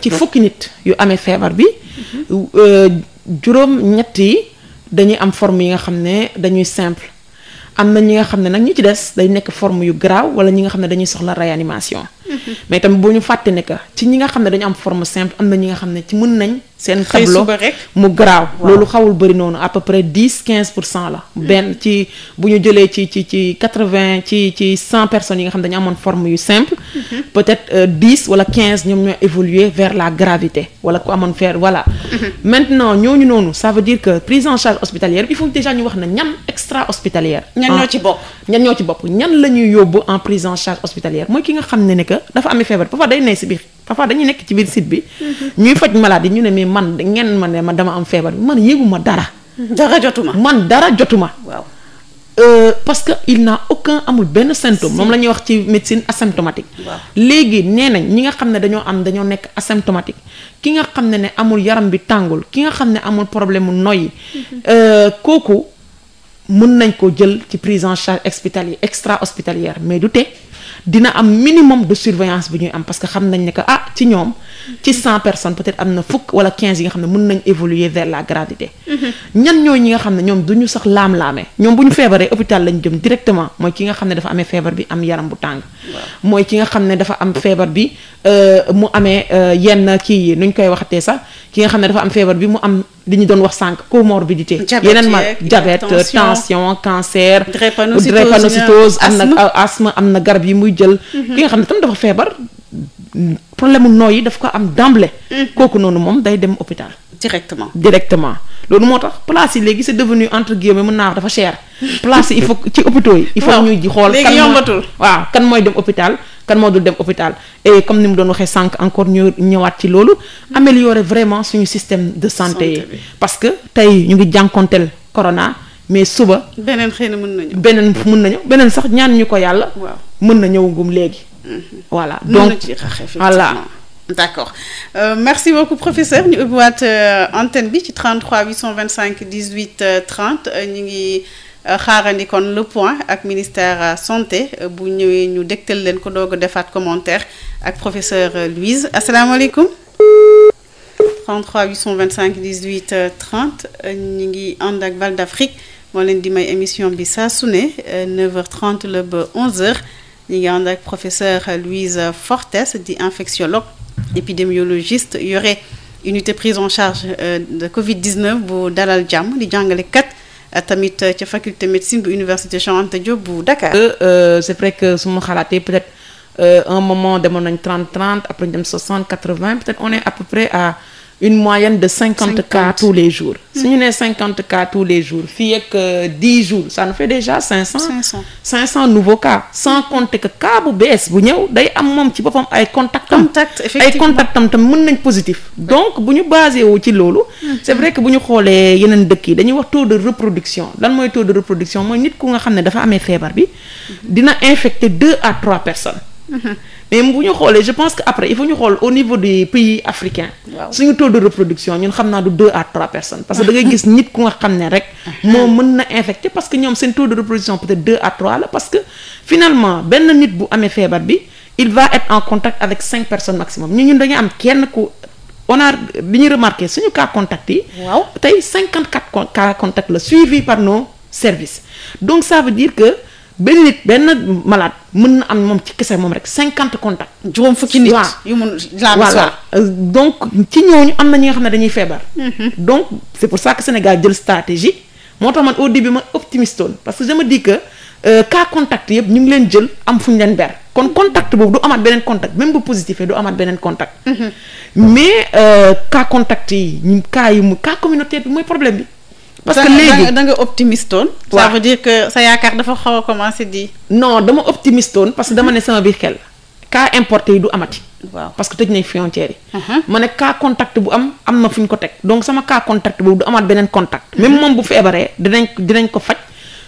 ci fukki nit yu amee feebar bi juróom ñett yi dañuy am forme yi nga xam ne dañuy simple am na ñi nga xam ne nag ñi ci des day nekk forme yu grave wala ñi nga xam ne dañuy soxla réanimation mais tamit boo ñu fàtte ne ci ñi nga xam ne dañu am forme simple am na ñi nga xam ne ci mën nañ. seen tableau mu garaaw. loolu xawul bëri noonu à peu près dix quinze pour cent la. Hmm. benn ci bu ñu jëlee ci ci ci quatre vingt ci cent personnes yi nga xam ne dañu amoon forme yu simple. Hmm. peut-être euh, dix wala quinze ñoom ñoo évoluer vers la gravité wala ku amoon faire voilà. Hmm. maintenant ñooñu noonu ça veut dire que prise en charge hospitalière il faut déjà ñu wax na ñan extra hospitalière. ñan ñoo ah. la ñuy yóbbu en prise en dafa ami feebar parfois day nekk si biir parfois dañuy nekk ci biir site bi. ñuy faj maladie ñu ne mais man ngeen ma ne ma dama am feebar man yëguma dara. dara jotuma man dara jotuma. waaw euh, parce que il n'a aucun amul benn symptôme. moom la ñuy wax ci médecine asymptomatique. léegi nee nañ ñi nga xam ne dañoo am dañoo nekk asymptomatique ki nga xam ne ne amul yaram bi tàngul ki nga xam ne amul problème mu noyyi. Mm-hmm. Euh, kooku mën nañ ko jël ci prise en charge extra hospitalière mais du tee. dina am minimum de surveillance bu ñuy am parce que xam nañ ne ko ah ci ñoom ci cent personnes peut-être am na fukk wala quinze yi nga xam ne mën nañ évoluer vers la gravité mhm. ñan ñooy ñi nga xam ne ñoom du ñu sax laam-laamee ñoom bu ñu feebaree hôpital lañ jëm directement mooy ki nga xam ne dafa amee feebar bi am yaram bu tàng mooy ki nga xam ne dafa am feebar bi euh, mu amee euh, yenn kii yi nuñ koy waxatee sax ki nga xam ne dafa am feebar bi mu am li ñu doon wax sànq comorbidité yeneen ma diabète tension cancer drépanocytose am na asthme am na garab yi muy jël mhm. ki nga xam ne tam dafa feebar problème mu nooy yi daf ko am demble mhm. kooku noonu moom day dem hôpital. directement directement loolu moo tax place yi léegi c'est devenu entre guillemets mën naa wax dafa cher. place yi il faut ci hôpitaux yi. il faut ñuy ji xool kan yombatul waaw kan mooy dem hôpital kan moo dul dem hôpital. et comme ni mu doon waxee sànq encore ñu ñëwaat ci loolu. Mhm. améliorer vraiment suñu système de santé. parce que tey ñu ngi jànkonteel corona mais suba. beneen xëy na mën ñëw beneen mën na ñëw beneen sax ñaan ñu ko yàlla. waaw mën na ñëw ngum léegi. Mhm. voilà donc voilà d' accord euh, merci beaucoup professeur ñu ubbiwaat euh, antenne bi ci 33 825 18 30 ñu ngi euh, xaarandikon le point ak ministère euh, santé bu ñëwee ñu dégtal leen ko doog defaat commentaire ak professeur Louise asalaamaaleykum. 33 825 18 30 ñu ngi ànd ak Val d'Afrique moo leen di may émission bi saa su ne 9h30 la ba ñu ngi ànd ak professeur Louise Fortes di infectiologue épidémiologiste yore unité prise en charge euh, de Covid 19 bu dalal jàmm di jàngalekat euh, tamit euh, ca faculté médecine bu université Cheikh Anta Diop bu Dakar. c' est vrai que su ma xalaatee peut être un moment demoon nañ 30 30 après ñu dem 60 peut être on est à peu près à. une moyenne de cinquante cas tous les jours. su ñu nee cinquante cas tous les jours fii ak euh, dix jours ça nous fait déjà cinq cent. cinq cent cinq cent nouveaux cas. sans mm. compter bees bu ñëw day am moom ci boppam ay contactam contact effectivement tam mën nañ positif. donc bu ñu basé wu ci loolu. Mm. c' est vrai que bu ñu xoolee yeneen dëkk yi dañuy wax taux de reproduction lan mooy taux de reproduction mooy nit ku nga xam ne dafa amee feebar bi. Mm. dina infecter deux à trois personnes. Mhm. mais bu ñu xoolee je pense que après il faut ñu xool au niveau des pays africains. suñu taux de reproduction ñun xam naa du deux à trois personnes. parce que da gis nit ku nga xam ne rek. Mhm. moo mën na infecté parce que ñoom seen taux de reproduction peut deux à trois la parce que finalement benn nit bu amee feebar bi il va et en contact avec cinq personnes maximum ñun ñun dañu am kenn ku. on a bi ñu remarqué suñu cas contact yi. waaw tey cinquante quatre par nos services donc ça veut dire benn nit benn malade mën na am moom ci kese moom rek cinquante contact juróom fukki nit yu mun la voilà euh, donc ci ñu am na ñi nga xam ne dañuy feebar. Mhm. donc c' est pour ça Sénégal jël stratégie moo tax man au début ma optimiste parce que dama me dis que euh, cas contact yëpp ñu ngi leen jël am fu ñu leen ber kon contact boobu du amaat beneen contact même bu positif du amaat beneen contact. Mhm. mais euh, cas contact yi ñu cas yu mu cas communautaire bi mooy problème bi. parce que léegi da nga optimiste woon. sa yaakaar dafa xaw a commencé di. non dama optimiste woon parce que dama ne sama biir xel cas importé yi du amati. waaw parce que tëj nañ frontières yi. Uh-huh. ma ne cas contact bu am am na fu ñu ko teg donc sama cas contact boobu du amaat beneen contact. même uh-huh. moom bu feebaree dinañ dinañ ko faj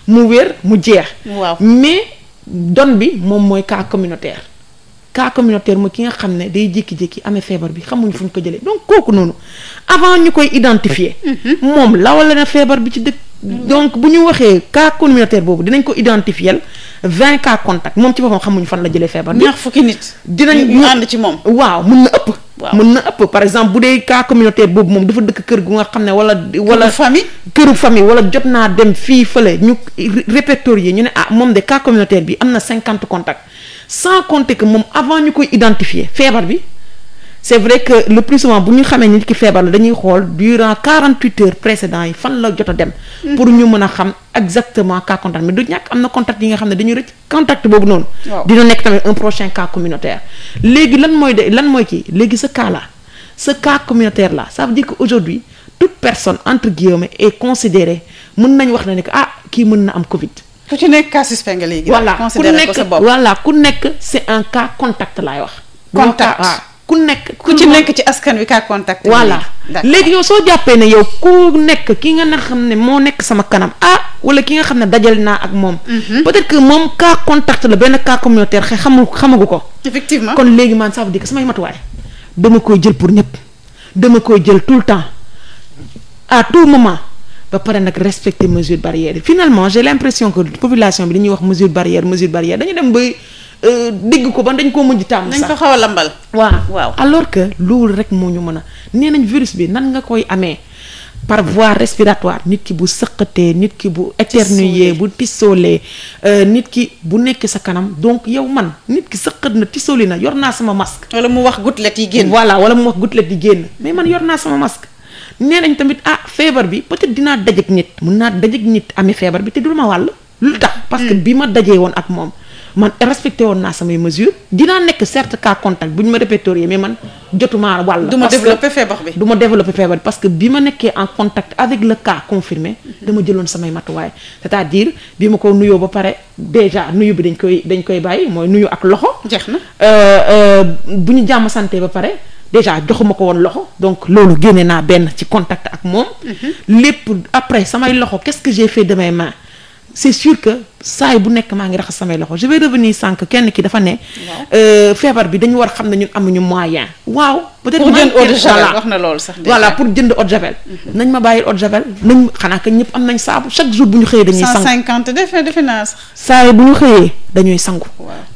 mu wér mu jeex. waaw mais don bi moom mooy cas communautaire. cas communautaire mooy ki nga xam ne day jékki-jékki amee feebar bi xamuñ fu ñu ko jëlee donc kooku noonu avant ñu koy identifier mhm. moom lawale na feebar bi ci dëkk donc bu ñu waxee cas communautaire boobu dinañ ko identifier vingt cas contact moom ci boppam xamuñ fan la jëlee feebar bi ñaar fukki nit dinañ ñu ànd ci moom waaw mën na mën na ëpp par exemple bu dee cas communautaire boobu moom dafa dëkk kër gu nga xam ne wala wala famille këru famille wala jot naa dem fii fële ñu répertorier ñu ne ah moom de cas communautaire bi am na cinquante contact sans compter que moom avant ñu koy identifier feebar bi c'est vrai que le plus souvent bu ñu xamee nit ki feebar la dañuy xool durant 48 heures précédents yi fan la jot a dem. Mm-hmm. pour ñu mën a xam exactement cas contact mais du ñàkk am na contact yi nga xam ne dañuy rëcc contact boobu noonu. dina nekk tamit un prochain cas communautaire. léegi lan mooy de lan mooy kii léegi ce cas là ce cas communautaire la ça veut dire que aujourd'hui toute personne entre guillemets est mën nañ wax na ne que ah kii mën na am Covid. ku ci nekk cas suspect nga léegi. voilà ku nekk voilà nekk c'est un cas contact laay wax. contact waaw ku nekk. ku ci nekk ci askan wi cas contact. voilà léegi yow soo jàppee ne yow ku nekk ki nga xam ne moo nekk sama kanam ah wala ki nga xam ne dajale naa ak moom. Mhm. peut-être que moom cas contact la benn cas communautaire xamu xamul xamagu ko. effectivement kon léegi man ça veut dire que samay matuwaay dama koy jël pour ñëpp dama koy jël tout le temps à tout moment. ba pare nag respecter mesure barrière finalement j'ai l'impression que population bi dañuy wax mesure barrière mesure barrière dañu dem ba euh, dégg ko ba dañ koo mujj tàmm sax dañ xaw a lambal waaw waaw que loolu rek moo ñu mën a nee nañ virus bi nan nga koy amee par voie nit ki bu sëqatee nit ki bu éternuer bu tisoolee euh, nit ki bu nekk sa kanam donc yow man nit ki sëqat na tisooli na yor naa sama masque wala mu wax gouttelette yi génn voilà wala mu wax gouttelette yi génn mais man yor naa sama mask nee tamit ah feebar bi peut-être dinaa dajek nit mun naa dajek nit amee feebar bi te du ma wàll lu tax parce que hmm. bi ma dajee woon ak moom man respecté woon naa samay mesures dinaa nekk certes cas bu ñu ma répertorié mais man jotuma wàll. du ma développé bi du ma développé feebar bi que bi ma nekkee en contact avec le hmm. dama jëloon samay matuwaay cest diir dire bi ma ko nuyoo ba pare déjà nuyu bi dañ koy dañ koy bàyyi mooy nuyu ak loxo. jeex na euh, euh, bu ñu jàmm santé ba pare. déjà joxuma ko woon loxo donc loolu génne naa benn ci contact ak moom. Mhm. lépp après samay loxo quest que j'ai fait de mes mains c'est sûr que saay bu nekk maa ngi raxas samay loxo je vais revenir sànq kenn ki dafa ne. Euh, feebar bi dañu war xam ne ñun amuñu moyen. waaw peut-être pour jënd eau de wax na loolu sax. voilà pour jënd eau de mhm. nañ ma bàyyi eau de javel nañ xanaa que ñëpp am nañ saabu chaque jour bu ñu xëyee. dañuy sangu 150 defe defe naa sax. saay bu ñu xëyee dañuy sangu.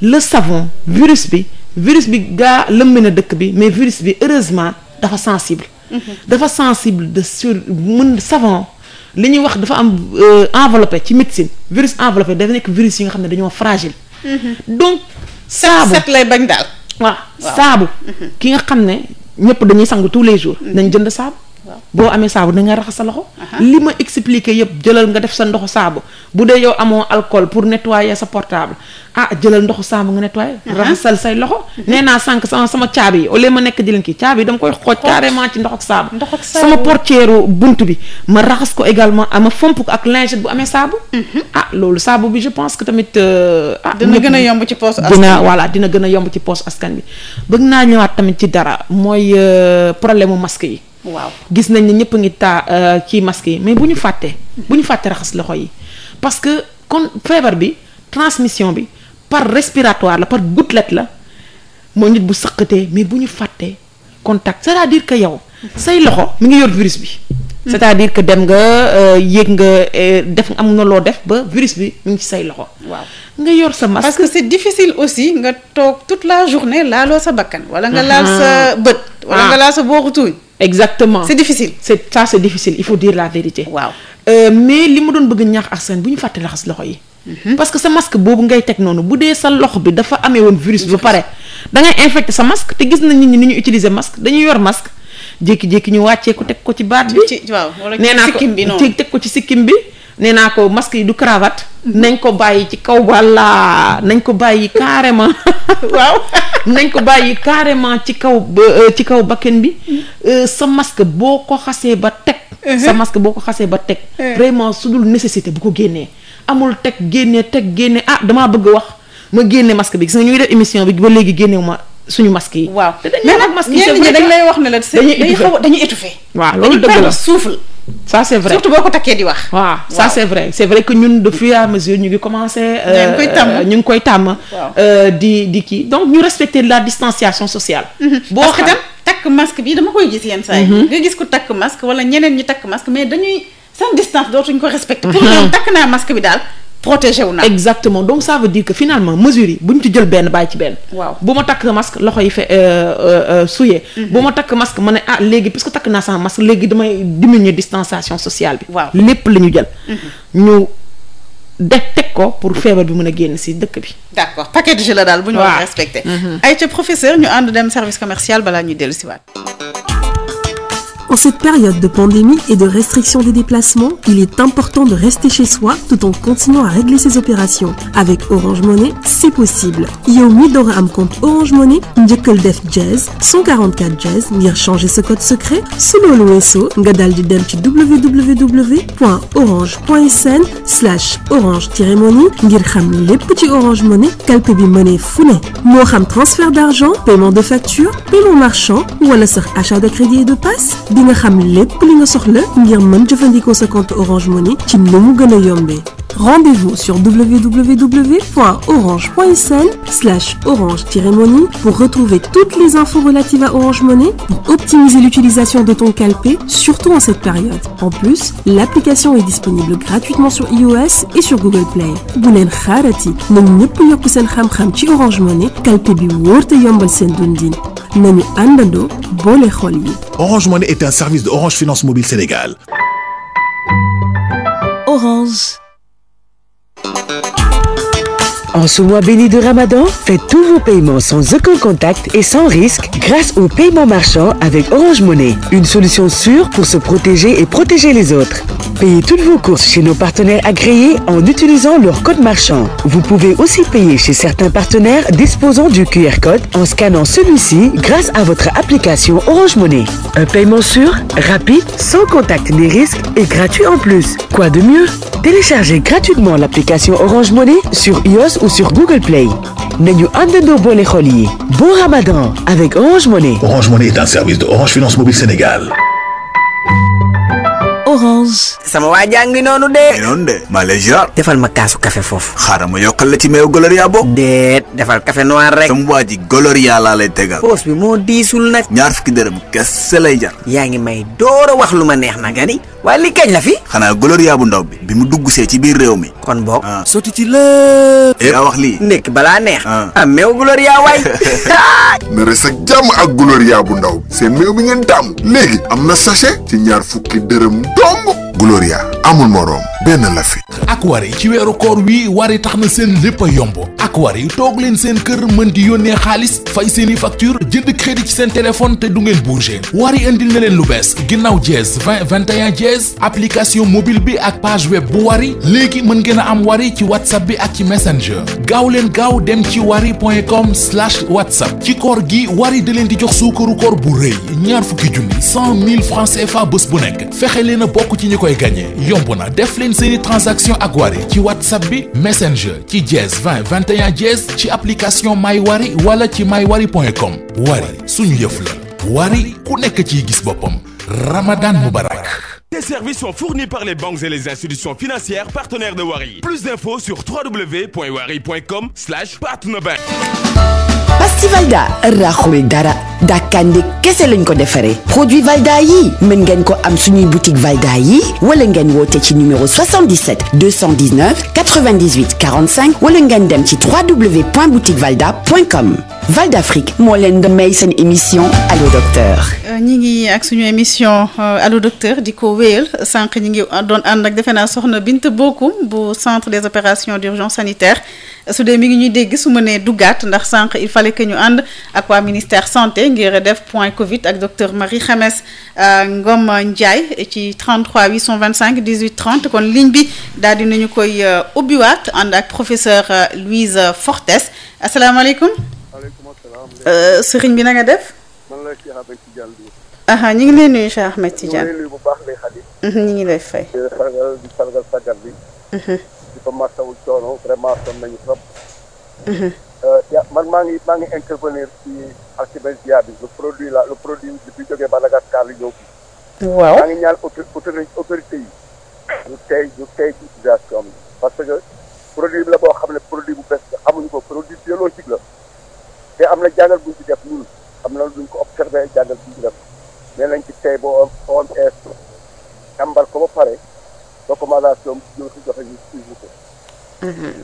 le savon virus bi. virus bi gaa lëmb na dëkk bi mais virus bi heureusement dafa sensible. Mhm. dafa sensible de sur mun savon li ñuy wax dafa am euh, enveloppé ci médecine virus enveloppé dafa nekk virus yi nga xam ne dañoo fragile. Mhm. donc saabu set lay bañ daal. waaw saabu. Mhm. ki nga xam ne ñëpp dañuy sangu tous les jours. nañ jënd saabu. boo amee saabu da nga raxas sa loxo. li ma expliqué yëpp jëlal nga def sa ndoxu saabu bu dee yow amoon alcool pour nettoyer sa portable ah jëlal ndoxu saabu nga nettoyé raxasal say loxo nee naa sànq sama sama caabi yi au lieu ma nekk di leen kii caabi yi dama koy xooj carrément ci ndox ak saabu sama portière bunt bi ma raxas ko également ah, ma fomp ak lingette bu amee saabu mhm. ah loolu saabu bi je pense que tamit euh, ah dina gën a yomb ci poche askan voilà dina gën a yomb ci poche askan bi bëgg naa ñëwaat tamit ci dara mooy euh, problème mu masque yi waaw gis nañ ne ñëpp ngi taa ci euh, masque yi mais bu ñu fàttee bu ñu fàtte raxas loxo yi parce que kon feebar bi transmission bi par respiratoire la par gouttelette la moo nit bu sëqatee mais bu ñu fàttee contact c'est-à-dire que yow say loxo mi ngi yor virus bi cest à que dem nga euh, yéeg nga euh, def am na loo def ba virus bi mu ngi ci say loxo waaw nga yor sa masque parce que c'est difficile aussi nga toog toute la journée laaloo sa bakkan wala nga laal ah. bët wala nga ah. laal sa booxu tuuñ exactement c'est difficile c'est ça c'est difficile il faut dire la vérité waaw euh, mais li ma doon bëgg ñaax ak seen bu ñu fàtte raxas loxo yi Mhm. parce que sa masque boobu ngay teg noonu bu dee sa loxo bi dafa amee woon virus ba pare dangay ngay sa masque te gis na nit ñi ni ñu utiliser masque dañuy yor masque jékki-jékki ñu wàccee ko teg ko ci baat bi. waaw wala sikkim bi noonu nee naa ko teg ko ci sikkim bi. nee naa ko masque yi du cravate. Mhm. nañ ko bàyyi ci kaw walla nañ ko bàyyi carrément. waaw nañ ko bàyyi carrément ci kaw euh, ci kaw bakken bi. Mhm. Euh, sa masque boo ko xasee ba teg. sa masque boo ko xasee ba teg. vraiment su dul nécessité bu ko génnee. amul teg génne teg génne ah damaa bëgg wax ma génne masque bi gis nga ñuy def émission bi ba léegi génne ma suñu masque yi. waaw te dañuy nag masque yi wax ne la dañuy xaw dañuy étouffé. waaw loolu dëgg la souffle. ça c' est vrai ko takkee di wax. waaw ça c' est vrai que ñun de fur et à mesure ñu ngi commencé. Euh, ñu ngi koy tàmm euh, ñu ngi koy tàmm. Euh, di di kii donc ñu respecter la distanciation sociale. Mm-hmm. boo xam takk masque bi dama koy gis yenn saa yi. Mm-hmm. nga gis ko takk masque wala ñeneen ñi takk masque mais dañuy. seen distance dootuñ ko respecté. pour ñoom takk naa masque bi daal protégé wu naa. exactement donc ça veut dire que finalement mesures bu ñu ci jël benn bàyyi ci benn. bu ma takk masque loxo yi fe euh, euh, euh, suyee. Mhm. bu ma takk masque ma ne ah léegi parce que takk naa sama masque léegi damay diminuer distanciation sociale bi. waaw lépp la ñu jël. Mhm. ñu def teg ko pour feebar bi mën a génn si dëkk bi. d' accord paquet de jeu la daal bu ñu. waaw respecté. Mhm. ay ca professeur ñu ànd dem service commercial balaa ñuy dellu si En cette période de pandémie et de restriction des déplacements, il est important de rester chez soi tout en continuant à régler ses opérations. Avec Orange Money, c'est possible. yow mi door a am compte Orange Money njëkkal def jazz jazz ngir changer ce code secret su loolu weesoo nga dal di dem ci www.orange.sn slash orange tiré money ngir xam lépp ci Orange Money kalpe bi mënee fu ne moo xam transfert d'argent paiement de facture paiement marchand wala sax achat de crédit di nga xam lépp li nga soxla ngir mën jëfandikoo sa compte Orange Money ci ni mu gën a yombee Rendez-vous sur www.orange.sn slash orange-money pour retrouver toutes les infos relatives à Orange Money pour optimiser l'utilisation de ton calpé, surtout en cette période. En plus, l'application est disponible gratuitement sur iOS et sur Google Play. bu leen xaarati nañu ñëpp yokk seen xam ci Orange Money calpé bi wóor te yombal seen dundin nañu àndandoo boole xol yi. Orange Money est un service de Orange Finance Mobile Sénégal. En ce mois béni de Ramadan, faites tous vos paiements sans aucun contact et sans risque grâce au paiement marchand avec Orange Monnaie, une solution sûre pour se protéger et protéger les autres. Payez toutes vos courses chez nos partenaires agréés en utilisant leur code marchand. Vous pouvez aussi payer chez certains partenaires disposant du QR code en scannant celui-ci grâce à votre application Orange Monnaie. Un paiement sûr, rapide, sans contact de mieux Téléchargez gratuitement l'application Orange Monnaie ou sur Google Play. nañu àndandoo boole xol yi bon Ramadan avec Orange Money. Orange Money est un service de Orange Finance Mobile Sénégal. orange. sama waa jàngi noonu de. noonu de Malaysia. defal ma kaasu kafe foofu. xaaral ma yokkal la ci meew Gloria bokk. déet defal café noir rek. sama waa ji Gloria laa tegal. poos bi moo diisul nag. ñaar fukki dërëm kese lay jar. yaa ngi may door wax lu ma neex na gani waaye li kañ la fi. xanaa Gloria bu ndaw bi. bi mu dugg see ci biir réew mi. kon boog. Ah. sotti ci lépp. yaa wax lii. nekk balaa neex. Ah. ah meew Gloria waay. na res ak jàmm ak Gloria bu ndaw. seen meew bi ngeen taamu. léegi am na sachet. ci ñaar fukki dërëm dong. Gloria amul moroom benn la ak wari ci weeru koor wi wari tax na seen lépp a yomb ak wari toog leen seen kër mën di yónnee xaalis fay seeni i facture jënd crédit ci seen téléphone te du ngeen bouger wari indil na leen lu bees ginnaaw jees 20 21 jees application mobile bi ak page web bu wari léegi mën ngeen am wari ci whatsapp bi ak ci messenger gaaw leen gaaw dem ci wari point com slash whatsapp ci koor gi wari da leen di jox suukaru koor bu rëy ñaar fukki junni 100 000 francs koy gagné yomb na def leen seeni transaction ak Wari ci whatsapp bi messenger ci dièse 20 21 ci application My Wari wala ci com Wari suñu yëf la Wari ku nekk ciy gis boppam Ramadan Moubarak. Tes services sont fournis par les banques et les institutions financières partenaires de Wari. Plus d'infos sur www.wari.com/partenaire. pasti Valda raxul dara dàkkande kese lañ ko defaree produit Valda yi mën ngeen ko am suñuy boutique Valda yi wala ngeen woote ci numéro 77 219 98 45 wala ngeen dem ci www.boutiquevalda.com Val d'Afrique moo leen di may seen émission allo docteur. Euh, ñi ngi ak suñu émission euh, allo docteur di ko wéyal sànq ñi ngi doon ànd ak defe naa soxna Bint Bokum bu centre des opérations d'urgence sanitaire su dee mi ngi ñuy dégg su ma nee duggaat ndax sànq il fallait que ñu ànd ak waa ministère santé ngir def point Covid ak docteur Marie Khemesse euh, Ngom Ndiaye ci 33 825 18 30 kon ligne bi daal di nañu koy ubbiwaat ànd ak professeur Louise Fortes asalaamaaleykum. maaleykum salaam. Euh, sëriñ bi na nga def. man la Cheikh Ahmed Tidiane bi. aha ñu ngi leen nuyu Cheikh Ahmed Tidiane. ñu ngi bu baax lay xadi. Mhm, ñu ngi lay fay. di sargal di sargal sargal bi. Mhm. di ko masawu coono vraiment sonn nañu trop. Mhm. Euh, ya man maa ngi maa ngi intervenir ci archibaldiyat bi le produit la le produit bi jógee Madagascar lu ñëw bi waaw maa ngi ñaan autorité yi ñu tey ñu tey ci utilisation bi parce que produit bi la boo xam ne produit bu bees la amuñu ko produit biologique la te am na jàngal buñ ci def ñun am na luñ ko observé jàngal bu ci def nee nañ ci tey boo OMS jàmbar ko ba pare recommandation bi ñëw si joxe ñu suivi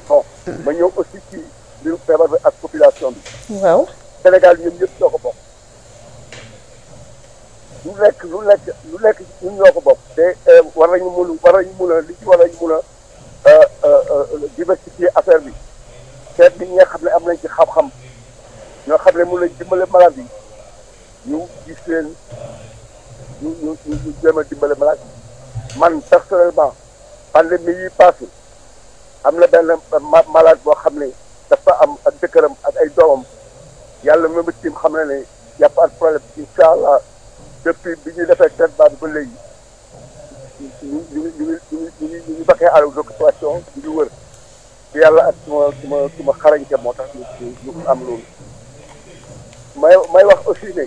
ko. Mhm. ma ñëw aussi ci mbiru feebar bi ak population bi. waaw Sénégal ñun ñëpp ñoo bokk. lu nekk lu nekk lu nekk ñoo ko bokk. te eh, war nañu mun mun a li ci war nañu mun a eh, eh, diversifier affaire bi seet bi ñi nga xam ne am nañ ci xam-xam. ñoo xam ne mun nañ dimbale malade yi ñu gis leen ñu ñu ñu jéem a dimbale malade yi man personnellement pandémie yi passé am na benn malade boo xam ne dafa am ak dëkkëram ak ay doomam yàlla même tim xam ne ne yàpp ak problème incha allah depuis bi ñuy defee traitement bi ba léegi ñu ñu ñu ñu ñu ñu ñu ñu baxee à l'occupation ñu wër yàlla ak suma suma suma xarañte moo tax ñu ñu am loolu may may wax aussi ne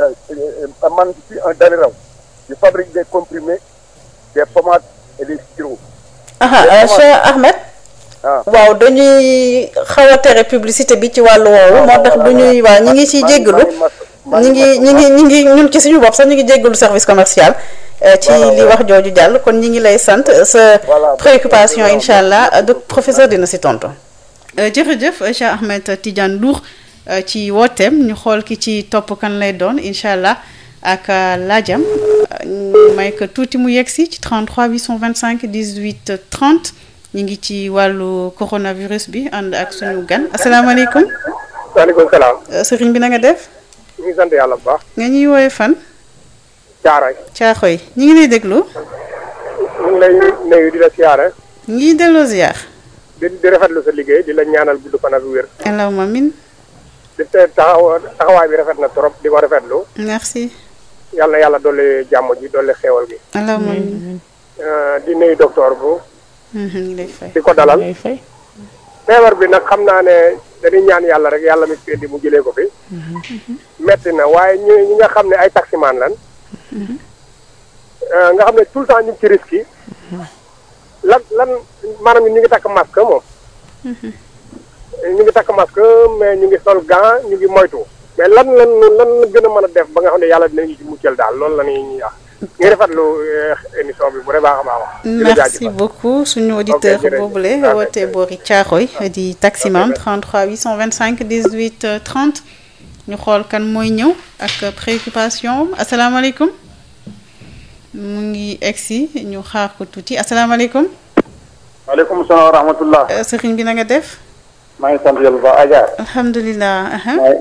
euh, man je suis un euh, Ahmed. Ah. waaw dañuy xaw tere publicité bi ci wàllu woowu moo tax du ñuy waa ñi ngi ciy jéggalu ñi ngi ñi ngi ñi ngi ñun ci suñu bopp sax ñu ngi jéggalu service commercial euh, ci li wax jooju jàll kon ñi ngi lay sant sa préoccupation incha allah docteur professeur dina si tontu. jërëjëf Cheikh Ahmed Tidiane Ndour Euh, ci wooteem ñu xool ki ci topp kan lay doon incha allah ak euh, laajam may ko tuuti mu yegg si ci 33 825 18 30 ñu ngi ci wàllu coronavirus bi ànd ak suñu gan asalaamaaleykum. waaleykum salaam. Euh, sëriñ bi nanga def. ñu ngi sant yàlla bu baax. nga ñuy woowee fan. Caaroy. ñu ngi lay déglu. ñu ngi lay nuyu di la siyaare. ñu rafetlu sa liggéey di la ñaanal gudd fan ak wér. allahumma amiin. taxawaay bi rafet na trop di ko rafetlu. merci. yàlla yàlla dolli jàmm ji dolli xéewal gi. allahumma amiin. Euh, di nuyu docteur bu. Mm-hmm, di ko dalal. feebar bi nag xam naa ne dañuy ñaan yàlla rek yàlla mi fi di mu jëlee ko fi. Mm-hmm. metti na waaye ñu ñi nga xam ne ay taximaan lan. Mm-hmm. Euh, nga xam ne tout le temps ñu ngi ci risque yi. lan lan maanaam ñu ngi takk masque moom. ñu ngi takk masque mais ñu ngi sol gant ñu ngi moytu mais lan lan lan la gën a mën a def ba nga xam ne yàlla dinañu ci muccal daal loolu la ñuy wax ñu rafetlu eh, émission bi bu dee baax a baax. merci beaucoup suñu auditeur boobule ah, woote boori Thiaroy ah. di taximan 33 825 18 30 ñu xool kan mooy ñëw ak préoccupation asalaamaaleykum mu ngi egsi ñu xaar ko tuuti asalaamaaleykum. waaleykum salaam wa rahmatullah. Euh, sëriñ bi na nga def. maa ngi sant yàlla bu baax Adja. alhamdulilah.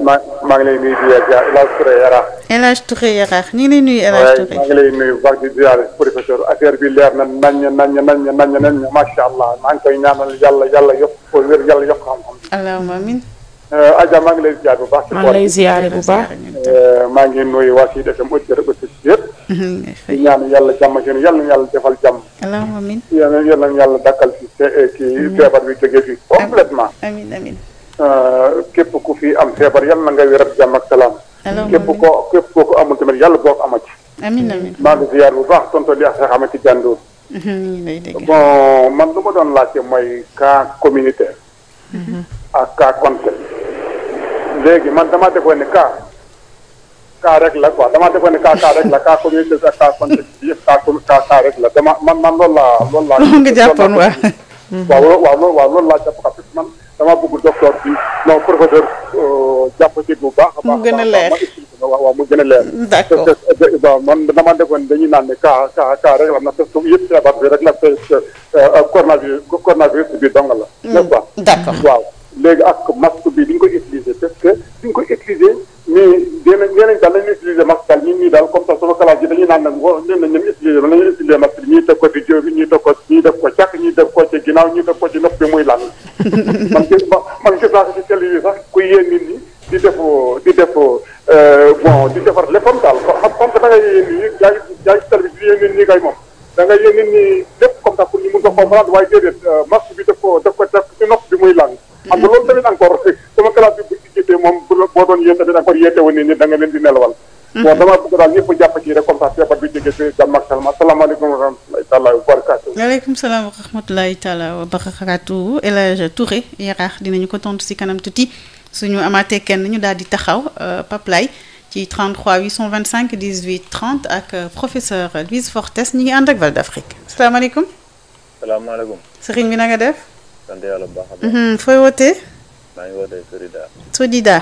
maa maa ngi lay nuyu di ziar El Hadj Touré Yaraax. El Hadj Touré Yaraax ñu ngi lay nuyu El Hadj Touré. maa ngi lay nuyu bu baax di ziar professeur affaire bi leer na naññ naññ naññ naññ naññ macha allah maa ngi koy ñaanal yàlla yàlla yokk ko wér yàlla yokk xam-xam. allahumma amiin. Euh, Adja maa ngi lay ziar bu baax. maa ngi lay ziare bu baax euh, maa ngi nuyu waa Sud FM auditeurs ak auditrices yëpp. Mm-hmm. di ñaan yàlla jàmm si yal na yàlla defal jàmm. allahumma amiin yal na yàlla dakkal si kii eh, feebar bi jógee euh, mm-hmm. man lu ma doon laajte mooy cas communautaire. Mm-hmm. ak cas contact léegi man damaa defoon ne car cas rek la quoi dama defoon ne cas cas rek la cas communautaire ak cas contact bi yëpp cas cas cas la dama man man loolu laa loolu laa nga jàppoon waaw waaw mm-hmm. waaw loolu waaw laa jàpp xam man dama bëgg docteur bi non professeur euh, jàpp ci bu baax a baax mu gën a leer waaw waaw mu gën a leer. d' accord euh, bon man damaa defoon dañuy naan ne cas cas cas rek am na te suuf yëpp feebar bi rek la te euh, euh, coronavirus coronavirus bi dong la. Mm. n' est ce pas. d' accord waaw léegi ak masque bi di nga koy parce que di nga koy utiliser mais dinañ dinañ daal dañuy utiliser masque daal ñun ñii daal comme ça sama classe yi dañuy naan nag boo nee nañ ñoom utiliser ba nañu utiliser masque bi ñuy ko ci jiw bi ñuy teg ko ñuy def ko càkk ñuy def ko bi muy lan. man gis man gis naa ko ci télé yi sax bon di defar léppam daal xam comme que da ngay yéen nii jaay jaay service nii kay moom da ngay yéen nii lépp comme ça pour ñu mun ko comprendre euh, ko daf ko def ci nopp bi muy lang xam nga loolu tamit encore sama classe moom boo doon yéen tamit yeete woon nii da nga leen di nelawal mhm. bon damaa bëgg daal ñëpp jàpp ci rek comme ça feebar bi jógee si jàmm ak salaam asalaamaaleykum wa rahmatulahi taala wa barakaatu waaleykum salaam wa rahmatulahi taala ko tontu si kanam tuuti suñu amaatee kenn ñu daal di taxaw euh, Pape Lay ci 33 825 18 30 ak euh, professeur Louise Fortes ñu ngi ànd ak Val d'Afrique asalaamaaleykum. salaamaaleykum. sëriñ bi na nga def. sant yàlla bu baax a baax. Mhm, fooy wootee. maa ngi wootee Sodida. Sodida.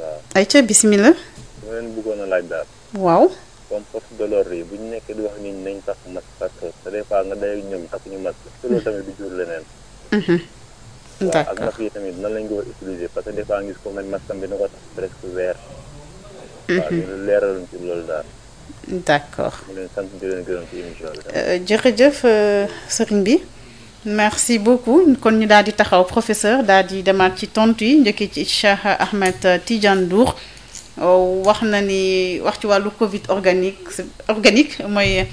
waaw ayca bisimilah. mu leen bëggoon a laaj daal. waaw. comme force de bu ñu nekkee di wax nit ñi nañ takk masque parce que des fois nga day ñoom takk ñu masque parce que loolu tamit du jur leneen. d'accord mhm. waaw ak masque tamit nan lañ ko war parce que des fois nga gis ko man masque bi na ko takk presque weer. waaw ñu leeraloon ci loolu euh, jërëjëf euh, sëriñ bi. merci beaucoup kon ñu daal di taxaw professeur daal di demaat ci tontu yi njëkkee ci Cheikh Ahmed Tidiane Ndour euh, wax na ni wax ci wàllu Covid organique organique mooy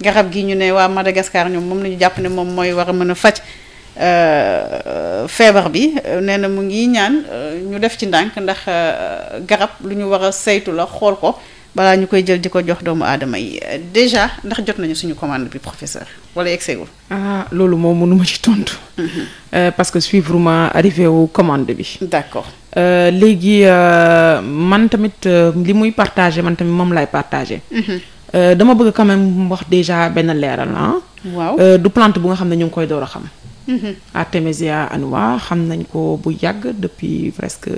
garab gi ñu ne waa Madagascar ñoom moom la ñu jàpp ne moom mooy war mën a faj. Euh, feebar bi euh, nee na mu ngi ñaan euh, ñu def ci ndànk ndax garab lu ñu war a saytu la xool ko balaa ñu koy jël di ko jox doomu aadama yi déjà ndax jot nañu suñu commande bi professeur wala egseegul ah loolu moom mënuma ci tontu. Mhm. parce que suivre ma arrivé wu commande bi. d'accord léegi man tamit li muy partagé man tamit moom lay partagé. Mhm. dama bëgg quand même wax déjà benn leeral ah. waaw du plante bu nga xam ne ñu ngi koy door a xam. Artemisia mm-hmm. annua xam nañ ko bu yàgg depuis presque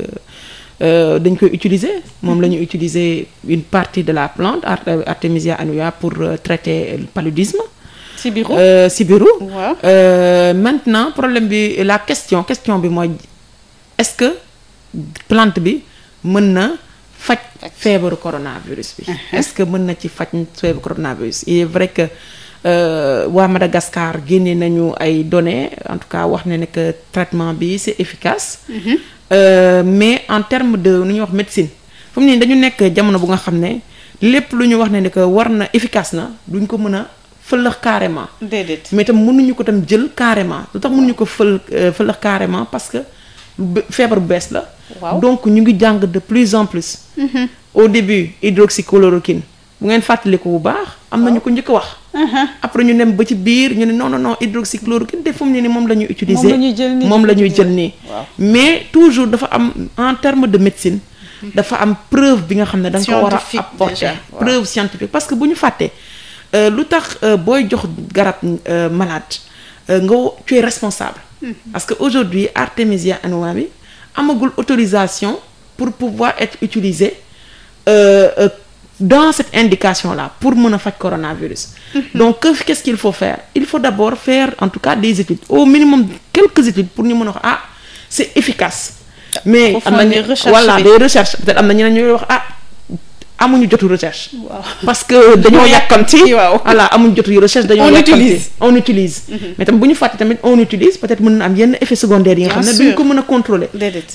euh, dañ koy utiliser moom la ñu mm-hmm. utiliser une partie de la plante Artemisia annua pour euh, traiter le paludisme. sibiru euh, sibiru. waaw maintenant problème bi la question question bi mooy est-ce que plante bi mën na faj. feebaru coronavirus bi. Uh-huh. est-ce que mën na ci faj feebaru coronavirus il est vrai que. Euh, waa Madagascar génne nañu ay données en tout cas wax ne ne que traitement bi c'est efficace. Mhm. Euh, mais en terme de nu ñuy wax médecine fu mu ne dañu nekk jamono bu nga xam ne lépp lu ñu wax ne ne que war na efficace na duñ ko mën a fëlëx carrément. déedéet mais tam mënuñu ko tam jël carrément lu tax mënuñu ko fël euh, fëlëx carrément parce que feebar bu bees la. donc ñu ngi jàng de plus en plus. Mm -hmm. au début hydroxychloroquine. bu ngeen fàttaliku bu baax am nañu ko njëkk wax uh-huh. après ñu nem ba ci biir ñu ne noonu non non hydroxychloroquine te fu mu ne moom la ñuy utiliser moom la ñuy jël nii mais toujours dafa am en terme de médecine dafa am preuve bi nga xam ne da nga ko war a apporter preuve scientifique parce que bu ñu fàttee euh, lu tax euh, booy jox garab euh, malade nga tu es responsable mm-hmm. parce que aujourd'hui Artemisia annua bi amagul autorisation pour pouvoir être utilisé dans cette indication là pour mën a faj coronavirus. Mhm. donc qu'est-ce qu'il faut faire il faut d'abord faire en tout cas des études au minimum quelques études pour ñu mën a wax ah c'est efficace. mais am na voilà des recherches peut am na ñeneen ñuy wax ah. amuñu jotu recherche. waaw parce que dañoo yàkkamti. waaw voilà amuñu jotu recherche dañoo. yàkkamti on utilise mhm. mais tam bu ñu fàtte tamit on utilise peut-être mën na am yenn effets secondaires yi nga xam ne duñ ko mën a contrôler.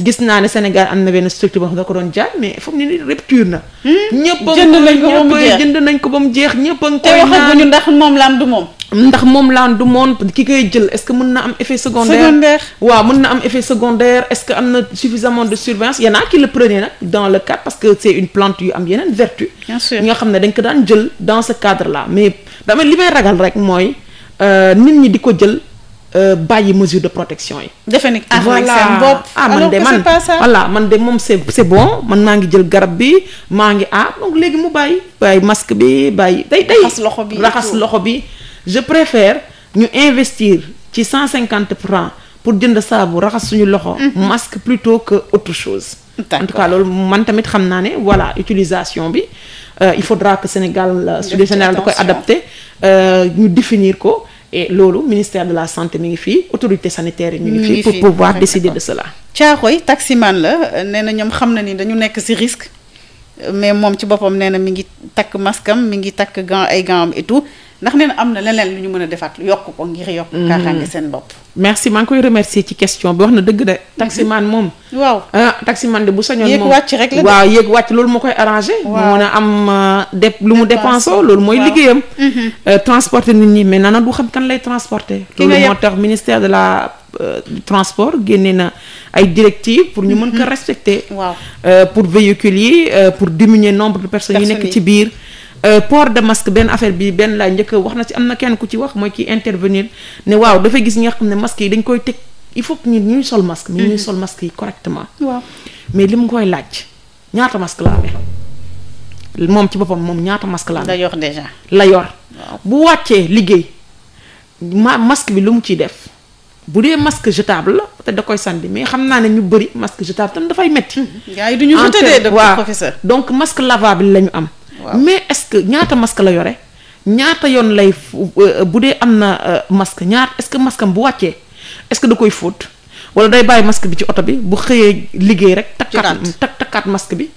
gis naa ne Sénégal am na benn structure boo xam ne da ko doon jaay mais foofu ni rupture na. Hmm? jënd nañ ko ba mu jeex ñëpp a jënd nañ ko ba mu jeex ndax moom laa am du moom. ndax moom laan du moon ki koy jël est-ce que mën na am effet secondaire secondaire waaw am effet secondaire est-ce que am na suffisamment de surveillance y'en a qui le prenaient nag dans le cadre parce que c'est une plante yu am yeneen vertu bien sûr ñi nga xam ne dañ ko daan jël dans cadre là mais dama li may ragal rek mooy euh, nit ñi di ko jël euh, bàyyi mesure de protection yi defe ni ah man de man voilà man de moom c'est c'est bon man naa ngi jël garab bi maa ngi ah donc léegi mu bàyyi bàyyi masque bi bàyyi day day raxas loxo bi je préfère ñu investir ci cent cinquante francs pour jënd saabu raxas suñu loxo. Mhm. masque plutôt que autre chose. en tout cas loolu man tamit xam naa ne voilà utilisation bi euh, il faudra que Sénégal euh, Sud Sénégal da koy adapté euh, ñu définir ko. e loolu ministère de la santé mi ngi fii autorité sanitaire yi. ñu ngi fii pour pouvoir décider de cela. Caaroy taximan la nee na ñoom xam na ni dañu nekk ci risque mais moom ci boppam nee na mi ngi takk masque mi ngi takk gant ay gant am ndax neen am na leneen lu ñu mën a defaat yokk ko ngir yokk mhm. kaaraange seen bopp merci maa ngi koy remercier ci question bi wax na dëgg de taximan moom mhm. waaw ah taximan de bu sañoon moom yéeg wàcc rek la waaw yéeg wàcc loolu moo koy arrangé moo mën a am euh, dep lu mu dépensé loolu mooy liggéeyam mhm. euh, transporter nit ñi mais nana du xam kan lay transporte loolu moo tax ministère de la euh, transport génnee na ay directives pour ñu mën ko respecter waaw pour véhicules yi pour diminuer nombre de personnes yi nekk ci biir Euh, port de masque benn affaire bi benn laay njëkk wax na ci am na kenn ku ci wax mooy ki intervenir ne waaw dafay gis nga xam ne masque yi dañ koy teg il faut que ñun ñuy sol masque. mais ñuy mm-hmm. sol masque yi correctement. mais li mu koy laaj ñaata masque la moom ci boppam moom ñaata masque la amee. yor déjà la yor. bu wàccee liggéey ma masque bi lu mu ciy def. bu dee masque jetable la te da koy sandi mais xam naa ne ñu bëri masque jetable tam dafay metti. Mm-hmm. du ñu jotee de professeur. donc masque lavable lañu am. mais est-ce que ñaata masque la yore ñaata yoon lay euh, bu dee am na euh, masque ñaata est-ce que masque bu wàccee est-ce que da koy fóot wala day bàyyi masque bi ci oto bi bu xëyee liggéey rek. takkaat tak takkaat masque bi.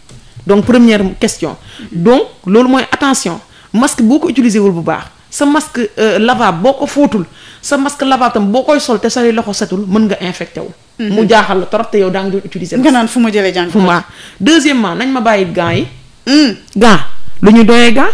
donc première question. donc loolu mooy attention masque boo ko utilisé wul bu baax sa masque euh, lavabo boo ko fóotul sa masque lavabo tam boo koy sol te sa loxo setul mën nga infecté wu. Mhm. mu jaaxal la trop te yow daa ngi doon utiliser. fu ma jëlee jàng. fu ma nañ ma bàyyi gants yi. Hmm. gants lu ñu doyee gant.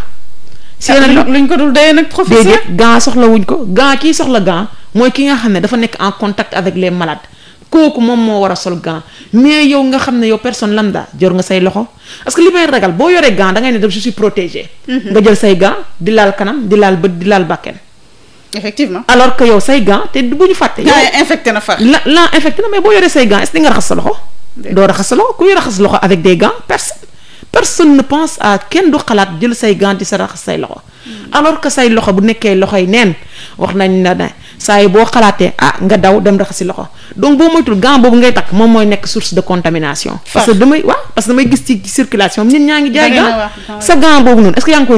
si yeneen luñ ko dul doyee nag professeur déedéet soxla wuñ ko gant kii soxla gant mooy ki nga xam ne dafa nekk en contact avec les malades. kooku moom moo war a sol gant mais yow nga xam ne yow personne lambda jor nga say loxo parce que li may ragal boo yoree gant da ngay ne def je si protégé. Mm-hmm. nga jël say gant di laal kanam di laal bët di laal bàkken. effectivement alors que yow say gant te bu ñu fàtte. yow infecté na fa. la la infecté na mais boo yoree say gant est nga raxas sa loxo. doo kuy raxas loxo avec des gants personne ne pense à kenn du xalaat jël say gant di sa raxas say loxo alors que say loxo bu nekkee loxo yi neen wax nañ na ne saa yi boo xalaatee ah nga daw dem si loxo donc boo moytul gant boobu ngay takk moom mooy nekk source de contamination parce que damay waaw parce que gis ci circulation nit ñaa ngi jaay gant sa gant boobu noonu est-ce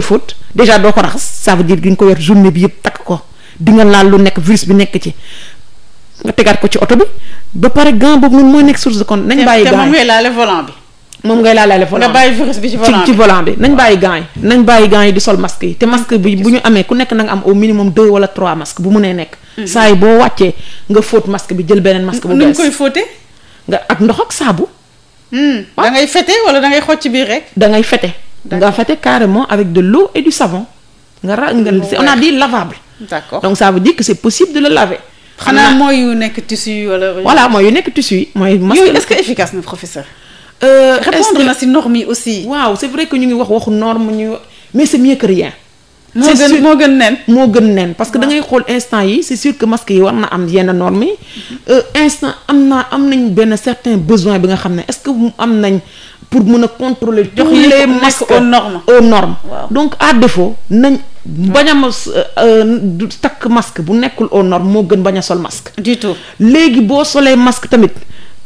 yëpp takk ko di nga laal lu nekk virus bi nekk ci nga tegaat ko ci oto bi ba pare gant boobu noonu mooy nekk source de contamination nañ bàyyi gant yi te bi moom ngay laalaale volant nga bàyyi virus bi ci volant nañ bàyyi gants yi di sol masque yi te masque bi bu ñu amee ku nekk na nga am au minimum deux wala trois masques bu mënee nekk mhm. saa yi boo wàccee nga fóot masque bi jël beneen masque bu bees koy fóote nga ak ndox ak saabu hmm. ah. da ngay fete wala da ngay xocc biir rek da ngay fete nga fete carrément avec de l'eau et du savon nga ra nga on a dit lavable d'accord donc ça veut dire c'est possible de le laver xanaa mooy yu nekk tissu wala voilà mooy yu nekk yi mooy Euh, répondre na si normes yi aussi. waaw c' est vrai que ñu ngi wax waxu norme ñu mais c' est mieux que moo gën moo nen moo gën nen parce que da ngay xool instant yi c' est sûr que masque yi war na am yenn normes yi euh, instant am na am nañ benn certain besoin bi nga xam ne est ce que am nañ pour mun a contrôler jox les masques aux normes aux normes donc à nañ bañ a mas euh, takk masque bu nekkul aux normes moo gën bañ a sol masque du léegi boo solee masque tamit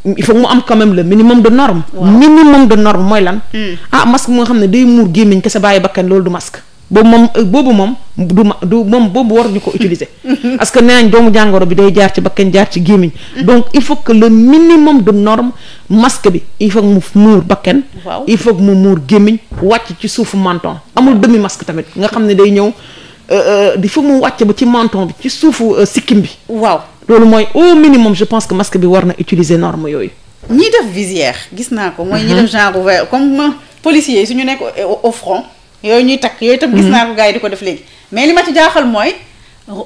il faut mu am quand même le minimum de norme. Wow. minimum de norme mooy lan. Hmm. ah masque moo xam ne day muur gémmiñ kese bàyyi bakkan loolu du masque. boobu moom euh, boobu moom du ma du moom boobu waruñu ko utiliser. parce que nee nañ doomu jàngoro bi day jaar ci bakkan jaar ci gémmiñ. Hmm. donc il faut que le minimum de norme masque bi il faut mu muur bakken waaw il faut mu muur gémmiñ wàcc ci suufu menton. amul demi masque tamit nga xam ne day ñëw di euh, euh, faut mu wàcc ba ci menton bi ci suufu sikkim bi. waaw. loolu mooy au minimum je pense que masque bi war na utiliser norme yooyu. ñi def visière gis naa ko. mooy ñi def genre ouvert comme policiers yi su ñu nekk au front yooyu ñuy takk yooyu tam gis mhm. naa ko gars yi di ko def léegi mais li ma ci jaaxal mooy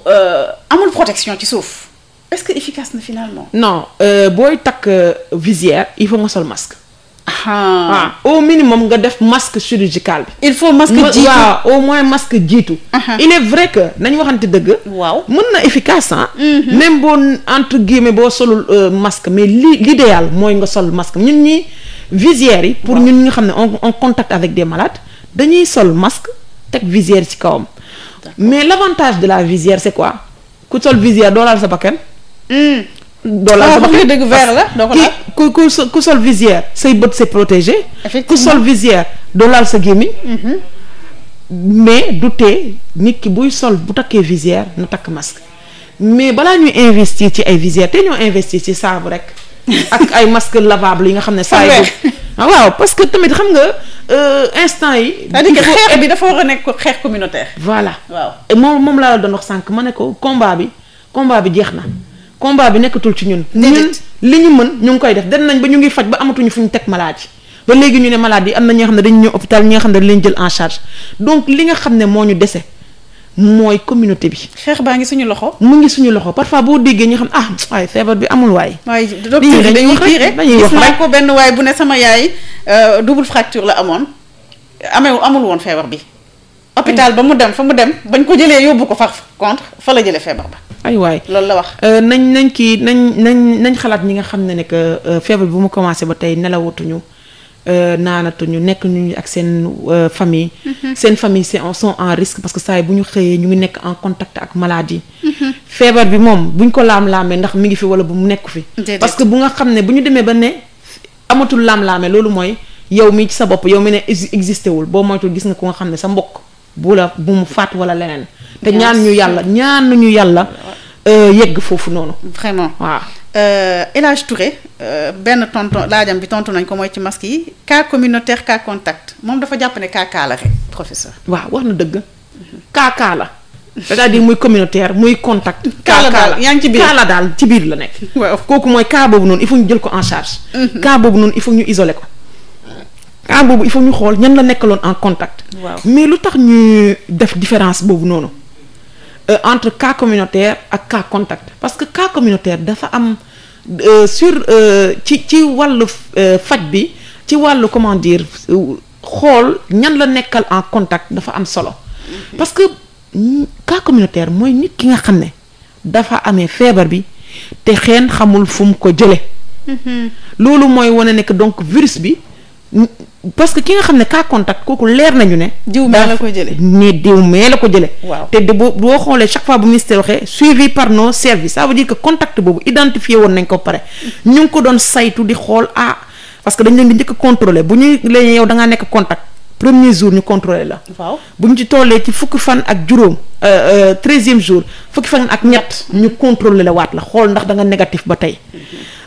euh, amul protection ci suuf est-ce que efficace na finalement. non euh, booy takk euh, visière il faut nga sol waaw ah, au minimum nga def masque chirurgical bi. il faut masque jiitu waaw au moins masque jiitu. Uh-huh. il est vrai que nañ waxante dëgg. waaw mën na efficace ah. même boo entre guillemets boo solul euh, masque mais li l'idéal mooy nga sol masque ñun ñi visières yi. pour ñun ñi nga xam ne on on contact avec des malades dañuy sol masque teg visière ci kawam. mais l'avantage de la visière c'est quoi ku sol visière doolaal sa bakkan. Mm. doo laal ah, sama xel dëgg verre la doo ko laal ku ku ku sol visière say bët c'est protégé. ku sol visière doo laal sa gémmiñ. Mm-hmm. mais du tee nit ki buy sol bu takkee visière na takk masque mais balaa ñuy investir ci ay visière te ñoo investir ci saabu rek. ak ay masque lavable yi nga xam ne ah, saa ah, waaw parce que tamit xam nga euh, instant yi c'est-à-dire xeex bi dafa war a nekk xeex communautaire voilà waaw moom moom laa la doon wax sànq ma ne ko combat bi combat bi jeex na combat bi nekkatul ci ñun. ñun li ñu mën ñu ngi koy def dem nañ ba ñu ngi faj ba amatuñu fu ñu teg maladie. ba léegi ñu ne maladie am na ñi nga xam ne dañu ñëw hôpital ñi nga xam ne dañu leen jël en charge donc li nga xam ne moo ñu dese mooy communauté bi. xeex baa ngi suñu loxo. mu ngi suñu loxo parfois boo déggee ñu xam ah waaye feebar bi amul waay. waaye docteur yi dañuy kii rek dañuy wax rek ko benn waay bu ne sama yaay euh, double fracture la amoon amee amul woon feebar bi. hôpital ba mu dem fa mu dem bañ ko jëlee yóbbu ko fa contre fa la jële feebar ba ay waay loolu la wax. Euh, nañ nañ kii nañ nañ nañ xalaat ñi nga xam ne ne que euh, feebar bu mu commencé ba tey nelawatuñu euh, naanatuñu nekk ñu ak seen famille. Mm-hmm. seen famille c'est sont en risque parce que saa yi bu ñu xëyee ñu ngi nekk en contact ak maladie. Mm-hmm. feebar bi moom buñ ko laam-laamee ndax mi ngi fi wala bu mu nekk fi. parce que bu nga xam ne bu ñu demee ba ne amatul laam laame loolu mooy yow mi ci sa bopp yow mi ne existé wul boo moytul gis nga ko nga xam ne sa mbokk bu la bu mu faat wala leneen. te ñaan ñu yàlla ñaan ñu yàlla euh, yegg foofu noonu. vraiment waaw. Euh, El Hadj Touré euh, benn tonto laajam bi tontu nañ ko mooy ci masque yi cas communautaire kaa contact moom dafa jàpp ne cas la rek professeur. waaw wax na dëgg cas cas la. c'est-à-dire muy communautaire muy contact. kaala daal yaa ngi ci biir kaala daal ci biir la nekk. waaw kooku mooy cas boobu noonu il faut ñu jël ko en charge. Mhm. cas boobu noonu il faut ñu isoler ko. cas boobu il faut ñu xool ñan la nekkaloon en contact. waaw mais lu tax ñu def différence boobu noonu. Euh, entre cas communautaire ak cas contact parce que cas communautaire dafa am euh, sur euh, ci ci wàllu faj bi ci wàllu comment dire xool ñan la nekkal en contact dafa am solo parce que cas communautaire mooy nit ki nga xam ne dafa amee feebar bi te xeen xamul fum ko jële mm-hmm. loolu mooy wane ne donc virus bi parce que ki nga xam ne cas contact kooku leer nañu ne. diw mee la ko jëlee ne diw mee la ko jëlee. waaw te de boo boo xoolee chaque fois bu ministère waxee suivi par nos services ça veut dire que contact boobu identifié woon nañ ko pare. ñu ngi ko doon saytu di xool ah parce que dañ leen di njëkk a contrôler bu ñu leen yow da ngaa nekk contact premier jour ñu contrôler la. waaw bu ñu ci tollee ci fukki fan ak juróom. Euh, euh, treizième jour fukki fan ak ñett ñu contrôler la waat la xool ndax da nga négatif ba tey mhm.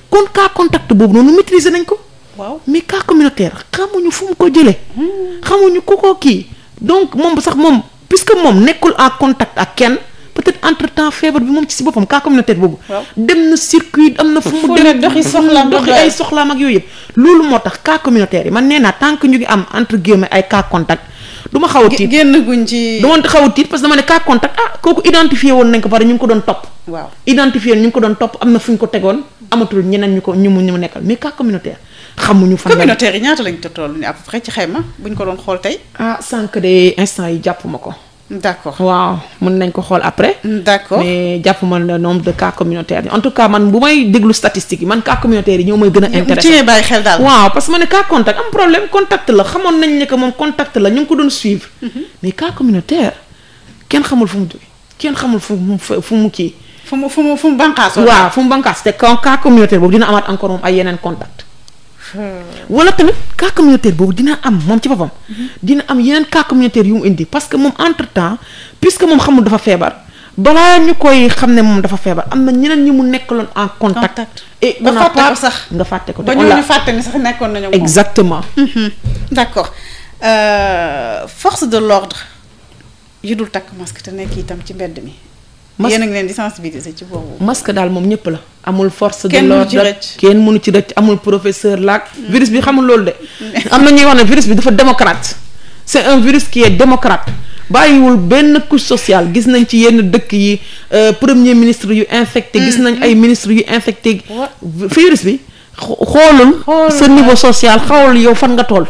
kon cas contact boobu noonu maîtriser nañ ko. waaw mais cas communautaire xamuñu fu mu ko jëlee. Hmm. xamuñu ku ko kii. donc moom sax moom puisque moom nekkul en contact ak kenn peut-être entre temps feebar bi moom ci si boppam cas communautaire boobu. dem na circuit am na. fu mu dem doxi soxlaam doxi ay soxlaam ak yooyu yëpp. loolu moo tax cas communautaire yi man nee naa tant que ñu ngi am entre guillemets ay cas contact. du ma a tiit xaw a tiit parce que dama ne cas contact ah kooku identifié woon nañ ko pare ñu ngi ko doon topp. waaw identifié woon ñu ngi na fu ñu ko tegoon. amatul ñeneen ñu ko ñu mu ñu xamuñu fan. communautaire yi ñaata lañ toll nii à peu près ci xayma buñ ko doon xool tey. ah sànq de instant yi jàpp ko. d' accord waaw mën nañ ko xool après. d' ma le nombre de cas communautaires yi en tout cas man bu may déglu statistique yi man cas communautaire yi ñoo may gën a. intéressé ci bàyyi xel daal. waaw parce que ma ne cas am problème contact la xamoon nañ ne que moom contact la ñu ngi ko doon suivre. Mhm. mais cas communautaire kenn xamul fu mu jógee kenn xamul fu mu fu mu kii. fu mu fu mu fu mu bànqaas. waaw fu mu bànqaas te cas ay yeneen contact wala tamit cas communautaire boobu dina am moom ci boppam. dina am yeneen cas communautaire yu mu indi parce que moom entre temps que moom xamul dafa feebar. balaa ñu koy xam ne moom dafa feebar am na ñeneen ñi mu loon en contact. contact et nga fàtte ko sax nga fàtte ko. ba ñooñu fàtte ni sax nekkoon nañu moom exactement. Mhm. d' accord euh, force de l'ordre yi dul takk masque te nekk itam ci mbedd mi. yéen a ngi leen di sensibiliser ci boobu. masque daal moom ñëpp la. amul force de l'ordre kenn mënu ci rëcc amul professeur laak. Mm. virus bi xamul loolu de. am na ñuy wax ne virus bi dafa démocrate. c'est un virus qui est démocrate bàyyiwul benn couche sociale gis nañ ci yenn dëkk yi euh, premier ministre yu infecté. gis mm, nañ ay mm. ministre yu infecté. virus bi xoolul. sa niveau social xawal yow fan nga toll.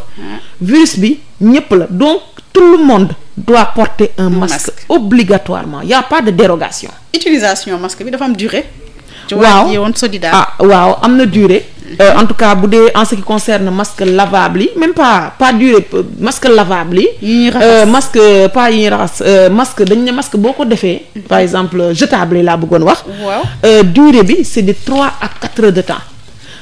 virus bi ñëpp la donc tout le monde. doit porter un masque, obligatoirement y a pas de dérogation. utilisation masque bi dafa am durée. waaw yoon solidaire ah waaw am na dure euh, en tout cas bu dee en ce qui concerne masque lavable yi même pas pas durée euh, masque lavable yi. yi euh, masque pas yi ñuy raxas euh, masque dañ ne masque boo ko defee. Mm-hmm. par exemple jetable yi laa bëggoon wax. waaw durée bi c' est de trois à quatre de temps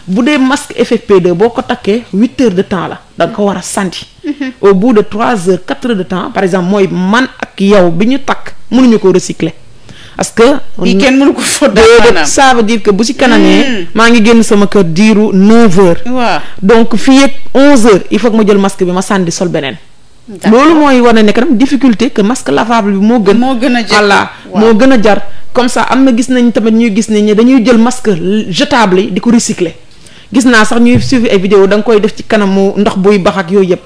bu dee masque ffp boo ko takkee huit heures de temps la da ko war a sànni. au bout de trois heures quatre heures de temps par exemple mooy man ak yow bi ñu takk mënuñu ko recycler parce que yi kenn mënu ko fodda ça veut dire que bu ci kanamee hmm. maa ngi génn sama kër diiru neuf heures waaw donc fii yëpp onze heures il faut ma jël masque bi ma sànni sol beneen loolu mooy wane ne kanam difficulté que masque lavable bi moo gën moo gën a jar moo gën a jar comme sax am na gis nañ tamit ñuy gis ne dañuy jël masque jetable yi di ko recycler gis naa sax ñuy suivre ay da nga koy def ci kanamu ndox buy bax yooyu yëpp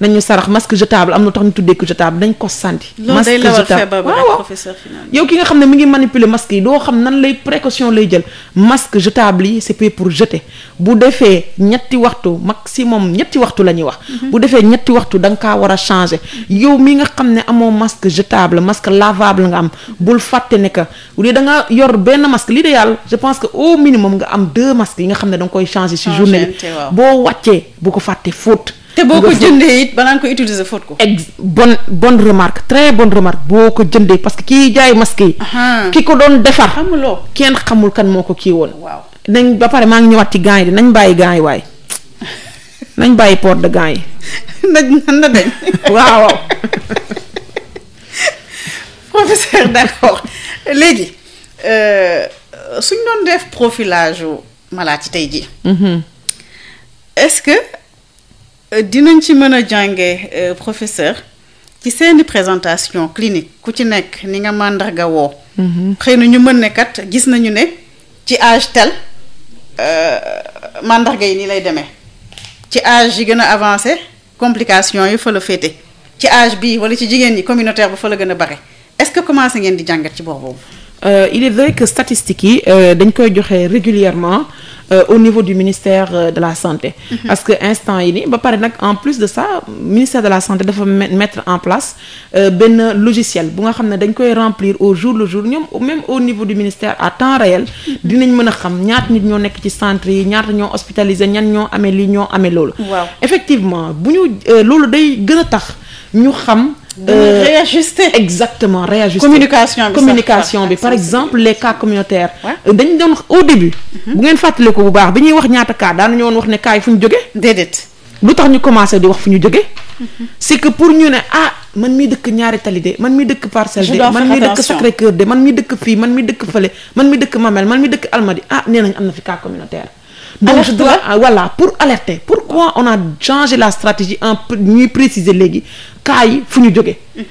nañu sarax masque jetable am na tax ñu tuddee ko jetable dañ ko sànni. masque jetable waaw professeur yow ki nga xam ne mi ngi manipuler masque yi doo xam nan lay précaution lay jël masque jetable yi c'est pour jeter bu defee ñetti waxtu maximum ñetti waxtu la ñuy wax. Mhm. bu defee ñetti waxtu da nga kaa war a changer yow mi nga xam ne amoo masque jetable masque lavable nga am bul fàtte ne que bu dee da yor benn masque l'idéal je pense que au minimum nga am deux masques yi nga xam ne da koy changer. ci journée bi boo wàccee bu ko fàtte fóot. te boo ko jëndee it banaan ko utiliser fóot ko. ex bonne bonne remarque très bonne remarque boo ko jëndee parce que kii jaay masque yi. ki ko doon defar. xamuloo kenn xamul kan moo ko kii woon. waaw nañ ba pare maa ngi ñëwaat ci gants yi nañ bàyyi gants yi nañ bàyyi port de gants yi. nañ nan la dañ. waaw waaw. professeur d'accord léegi euh, suñ doon def profilage malade ci tey jii. Mhm. est-ce Euh, dinañ ci mën a jànge euh, professeur ci seeni présentation clinique ku ci nekk ni nga màndarga woo mhm. xëy na ñu mën ne kat gis nañu ne ci âge tel euh, màndarga yi ni lay demee ci âge yi gën a avancé complication yi fa la féete ci âge bii wala ci jigéen ñi communautaire ba fa la gën a bare est-ce que commencé ngeen di jàngat ci bor boobu Euh, il est vrai que statistiques yi euh, dañ koy joxe régulièrement euh, au niveau du ministère euh, de la santé. Mm parce que instant yi nii ba pare nag en plus de sa ministère de la santé dafa mettre en place euh, benn logiciel bu nga xam ne dañ koy remplir au jour le jour ñoom même au niveau du ministère à temps réel. Mhm. dinañ mën a xam ñaata nit ñoo nekk ci centre yi ñaata ñoo hospitalisé ñan ñoo amee lii ñoo amee loolu. waaw effectivement bu ñu loolu day gën a tax ñu xam. Euh, réajuster exactement réajuster communication bi communication bi par exemple les cas communautaires. Euh, dañ doon au début. Mhm. bu ngeen fàttale ko bu baax bi ñuy wax ñaata cas daanañu woon wax ne cas yi fu ñu jógee. déedéet lu tax ñu commencé di wax fu ñu jógee. Mhm. c'est que pour ñu ne ah man mi dëkk ñaari tali de man mi dëkk parcelle de man mi dëkk Sacré Cœur de man mi dëkk fii man mi dëkk fële man mi dëkk Mamel man mi dëkk Almadi ah nee nañ am na fi cas communautaire. donc je ah, voilà pour alerter pourquoi on a changé la stratégie en ñuy préciser léegi cas yi fu ñu jógee mhm.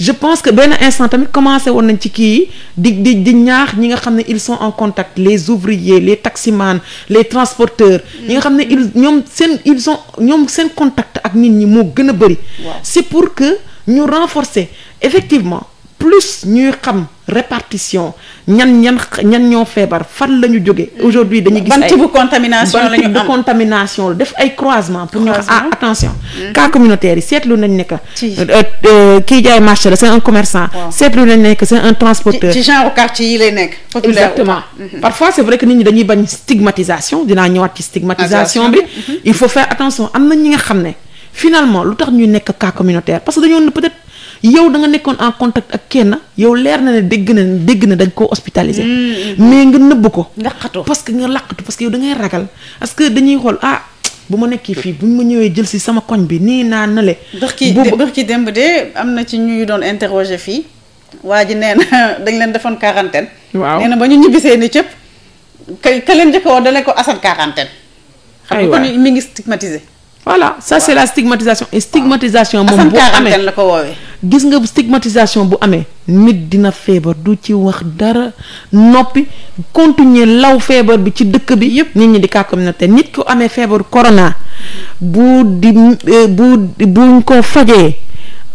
je pense que benn instant tamit commencé woon nañ ci kii di di di ñaax ñi nga xam ne ils sont en contact les ouvriers les taximans les transporteurs ñi nga xam ne mhm. ils ñoom seen ils ont ñoom seen contact ak nit ñi moo gën a bëri c'est pour que ñu renforcer effectivement plus ñuy xam répartition ñan ñan ñoo feebar fan la ñu jóge aujourd'hui dañuy gis ban type de contamination la ñu am ban type de contamination la def ay croisement pour ñu wax ah attention hmm. cas communautaire yi seetlu nañ ne que euh, euh, kii jaay marché la c'est un commerçant seetlu nañ ne que c'est un transporteur ci genre quartier yi lay nekk exactement mhm. parfois c'est vrai que nit ñi dañuy bañ stigmatisation dinaa ñëwaat ci stigmatisation bi mhm. il faut faire attention am na ñi nga xam ne finalement lu tax ñuy nekk cas communautaire parce que dañoo peut-être yow da nga nekkoon en contact ak kenn yow leer na ne dégg na dégg na dañ ko hospitalisé. Mm, mm, mm. mais nga nëbb ko. laqatu parce que nga laqatu parce que yow da ngay ragal parce dañuy xool ah. bu ma nekkee fii bu ñu ma ñëwee jël si sama koñ bi nii naa nale dox ki dox ki démb de am na ci ñuy doon interroger fii waa ji nee na dañ leen defoon quarantaine waaw na ba ñu ñibbisee ni cëpp ka ka leen njëkk woo dalee ko asan quarantaine xam nga kon mi ngi stigmatisé voilà sa c'est la stigmatisation et stigmatisation moom bu amee la ko woowee gis nga stigmatisation bu amee nit dina feebar du ci wax dara noppi continuer law feebar bi ci dëkk bi yëpp nit ñi di kaa communauté nit ku amee feebar corona bu di eh, bu buñ ko fajee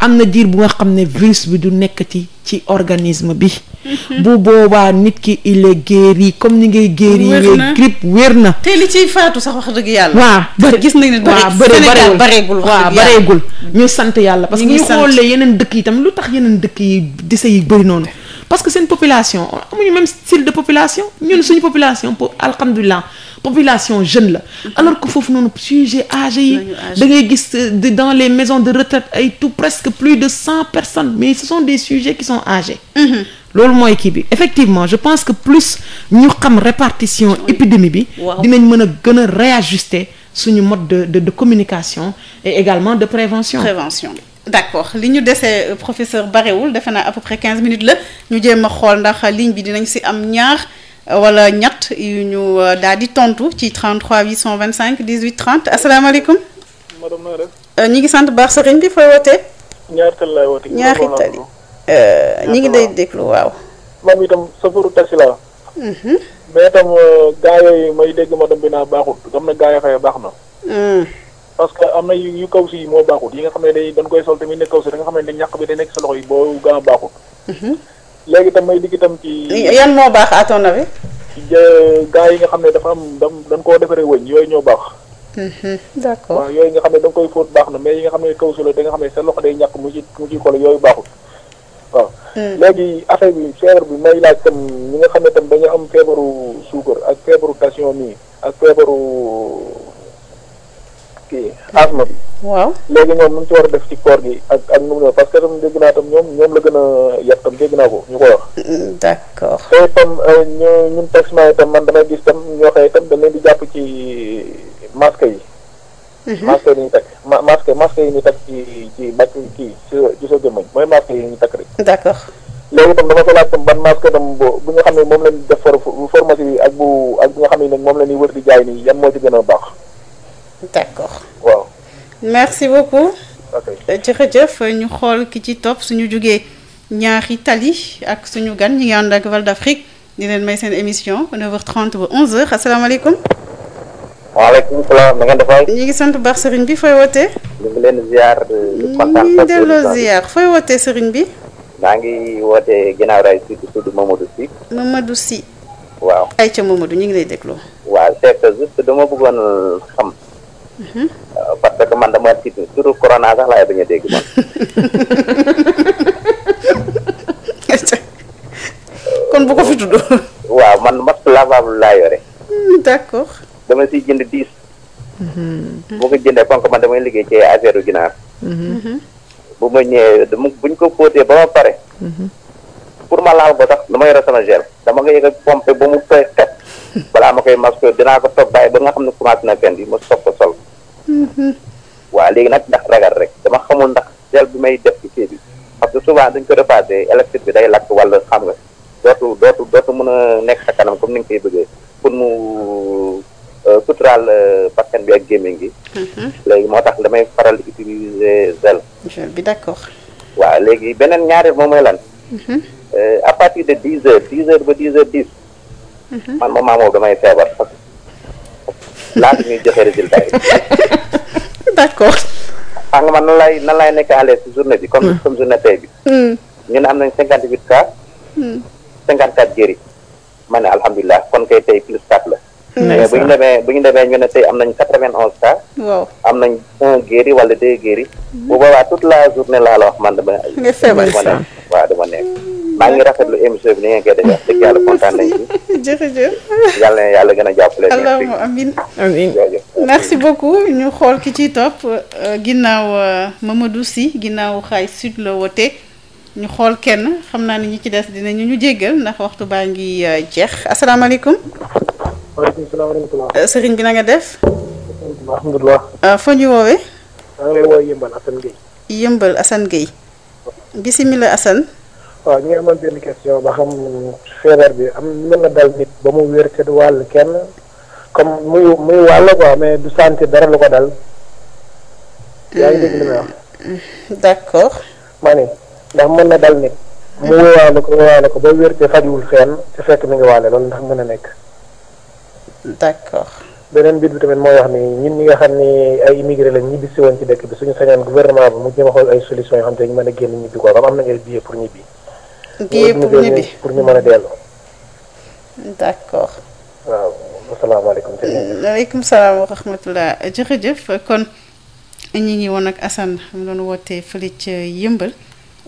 am na diir bu nga xam ne virus bi du nekkati ci organisme bi mhm. bu boobaa nit ki il est guéri comme ni ngay guéri les grippe wér na te li ciy faatu sax wax dëgg yàlla waaw bëri gis nañ ne waaw bëri bareegul waaw bareegul ñu sant yàlla parce que ñu xoolee yeneen dëkk yi tam lu tax yeneen dëkk yi dese yi bëri noonu parce que seen population amuñu même style de population ñun suñu population pour alhamdulilah population jeune la alors que foofu noonu sujet âgé yi gis euh, dans les maisons de retraite ay tout presque plus de cent personnes mais ce sont des sujets qui sont âgés mhm. loolu mooy kii bi effectivement je pense que plus ñu xam répartition épidémie bi dinañ mën a gën a réajuster suñu mode de, de de communication et également de prévention prévention d'accord li ñu desee euh, professeur barewul defe naa à peu près quinze minutes la ñu jéem a xool ndax ligne bi dinañ si am ñaar wala ñett yu ñu euh, daal di tontu ci 33 825 18 30 asalaamaaleykum. madame Noor euh, ñi ngi sant baax sëriñ bi fooy wootee. ñaari tali laay wootee. ñaari tali euh, ñi ngi day déglu waaw. moom itam safaru taxi laa. Mhm. mais itam gaa yooyu may dégg madame bi naa baaxut xam na gaa yoo xëy baax na. Mm. parce que am na yu kaw si moo baaxut yi nga xam ne day dañ koy ne kaw si bi day nekk sa loxo yi boo gaa baaxut. Mhm. léegi itam may digg itam ci. yan moo baax à ton avis. Euh, gaa yi nga xam ne dafa am dañ koo defaree wëñ yooyu ñoo baax. Mhm. d'accord waaw yooyu nga xam ne da koy fóot baax na mais yi nga xam ne kaw su la nga xam ne sa loxo day ñàkk mu ci mu ci xol yooyu baaxul waaw. Hmm. léegi affaire bi feebar bi may laaj tam ñi nga xam ne tam dañu am feebaru suukar ak feebaru tension nii ak feebaru. kii asma bi. waaw léegi ñoom nu ci war a def ci koor gi ak ak nu mu parce que tam dégg naa tam ñoom ñoom la gën a yàq tam dégg naa ko ñu koy wax. d'accord te tam euh, ñoo ñun taximan yi tam man damay gis tam ñoo xëy tam dañ leen di jàpp ci masque yi. Mhm. masque yi ñuy takk ma masque masque yi ñu takk ci ci bàcc kii ci ci sa jëmmañ mooy masque yi ñu takk rek. d'accord léegi tam dama ko laaj tam ban masque tam bu nga xam ne moom lañ def formation bi ak bu ak bi nga xam ne moom la ñuy wër di jaay nii yan moo ci gën a baax. d'accord waaw merci beaucoup. Euh, jërëjëf ñu xool ki ci topp suñu jugee ñaaxi tali ak suñu gan ñi ngi ànd ak Val d'Afrique di leen may seen émission 9h30 ba 11h asalaamaaleykum. waaleykum ñu ngi sant baax sëriñ bi fooy wootee. ñu ngi leen ziar euh, ngi delloo ziar fooy wootee sëriñ bi. maa ngi wootee ginnaaw raay si tudd Mamadou Sy. Mamadou Sy. waaw. ayca ñu ngi lay dégloo. waaw c'est dama bëggoon xam. Euh, parce que man dama tiit turu corona sax laay bañ a dégg man. kon bu ko fi tudd. waaw man masque lavable laa yore. Hmm, d'accord. dama siy jënd diis. bu ko jëndee kon man damay liggéey ci affaire ginaar. bu ma ñëwee dama buñ ko fóotee ba ma pare. pour ma laal ko sax dama yore sama gel dama nga yëg pompe ba mu koy xet balaa ma koy masque dinaa ko toog bàyyi ba nga xam ne commencé na fenn bi ma soog ko sol. waaw léegi nag ndax ragal rek dama xamul ndax sel bi may def ci kii parce que souvent dañ ko repassé électrique bi day lakk wala xam nga dootu dootu dootu mën a nekk sa kanam comme ni nga koy bëggee pour mu euh, suturaal euh, bakkan bi ak gémmiñ gi mhm. léegi moo tax damay faral di utiliser gel bi d'accord waaw léegi beneen ñaareel moom mooy lan mhm. euh, à partir de dix heures dix heures ba dix heures dix mhm. man moom maa damay feebar parce laata ñuy joxe résultat yi. d'accord. xam nga man nan lay nan lay nekk à l'aise si journée bi. comme hmm. comme journée tey bi. Hmm. ñu ne am nañ cinquante huit cas. Hmm. cinquante quatre guéris. ma ne alhamdulilah kon kay tey plus quatre la. mais bu ñu demee bu ñu demee ñu ne tey am nañ quatre vingt onze cas. waaw am nañ un guéri wala deux guéri. bu boobaa toute la journée laa la wax man dama. nga feebar waaw dama nekk. maa ngi rafetlu émission bi ni ngeen koy defee wax yàlla kontaan nañ ci. jërëjëf. yàlla na yàlla gën a jàppale. allahumma amin amin merci beaucoup ñu xool ki ciy topp euh, ginnaaw euh, Mamadou Sy ginnaaw xaay sud la wote ñu xool kenn xam naa ni ñu ci des dinañu ñu ñu jéggal ndax waxtu baa ngi euh, jeex asalaamaaleykum. waaleykum sëriñ bi na nga def. alhamdulilah. foo ñu woowee. maa ngi Yëmbal Assane Gueye. Yëmbal Assane Gueye. bisimilah Assane. waaw ñu ngi amoon benn question ba xam feebar bi am mën na dal nit ba mu wér te du wàll kenn comme muy muy wàll quoi mais du santé dara lu ko dal. yaa ngi dégg li hmm, ma ndax mën na dal hmm. ko ba wér te fajuwul fenn te fekk mi ngi wàlle mën na nekk. d'accord. beneen mbir xam ni ay immigré lañ ñibbisi woon a xool ay solution am na ngay billet pour ñibbi. géeyee pour ñibbi pour ñu mën a dellu. d' accord. waaw asalaamaaleykum. waaleykum salaam wa rahmatulah jërëjëf kon ñi ngi woon ak Assane mu doon wootee fële ca yëmbal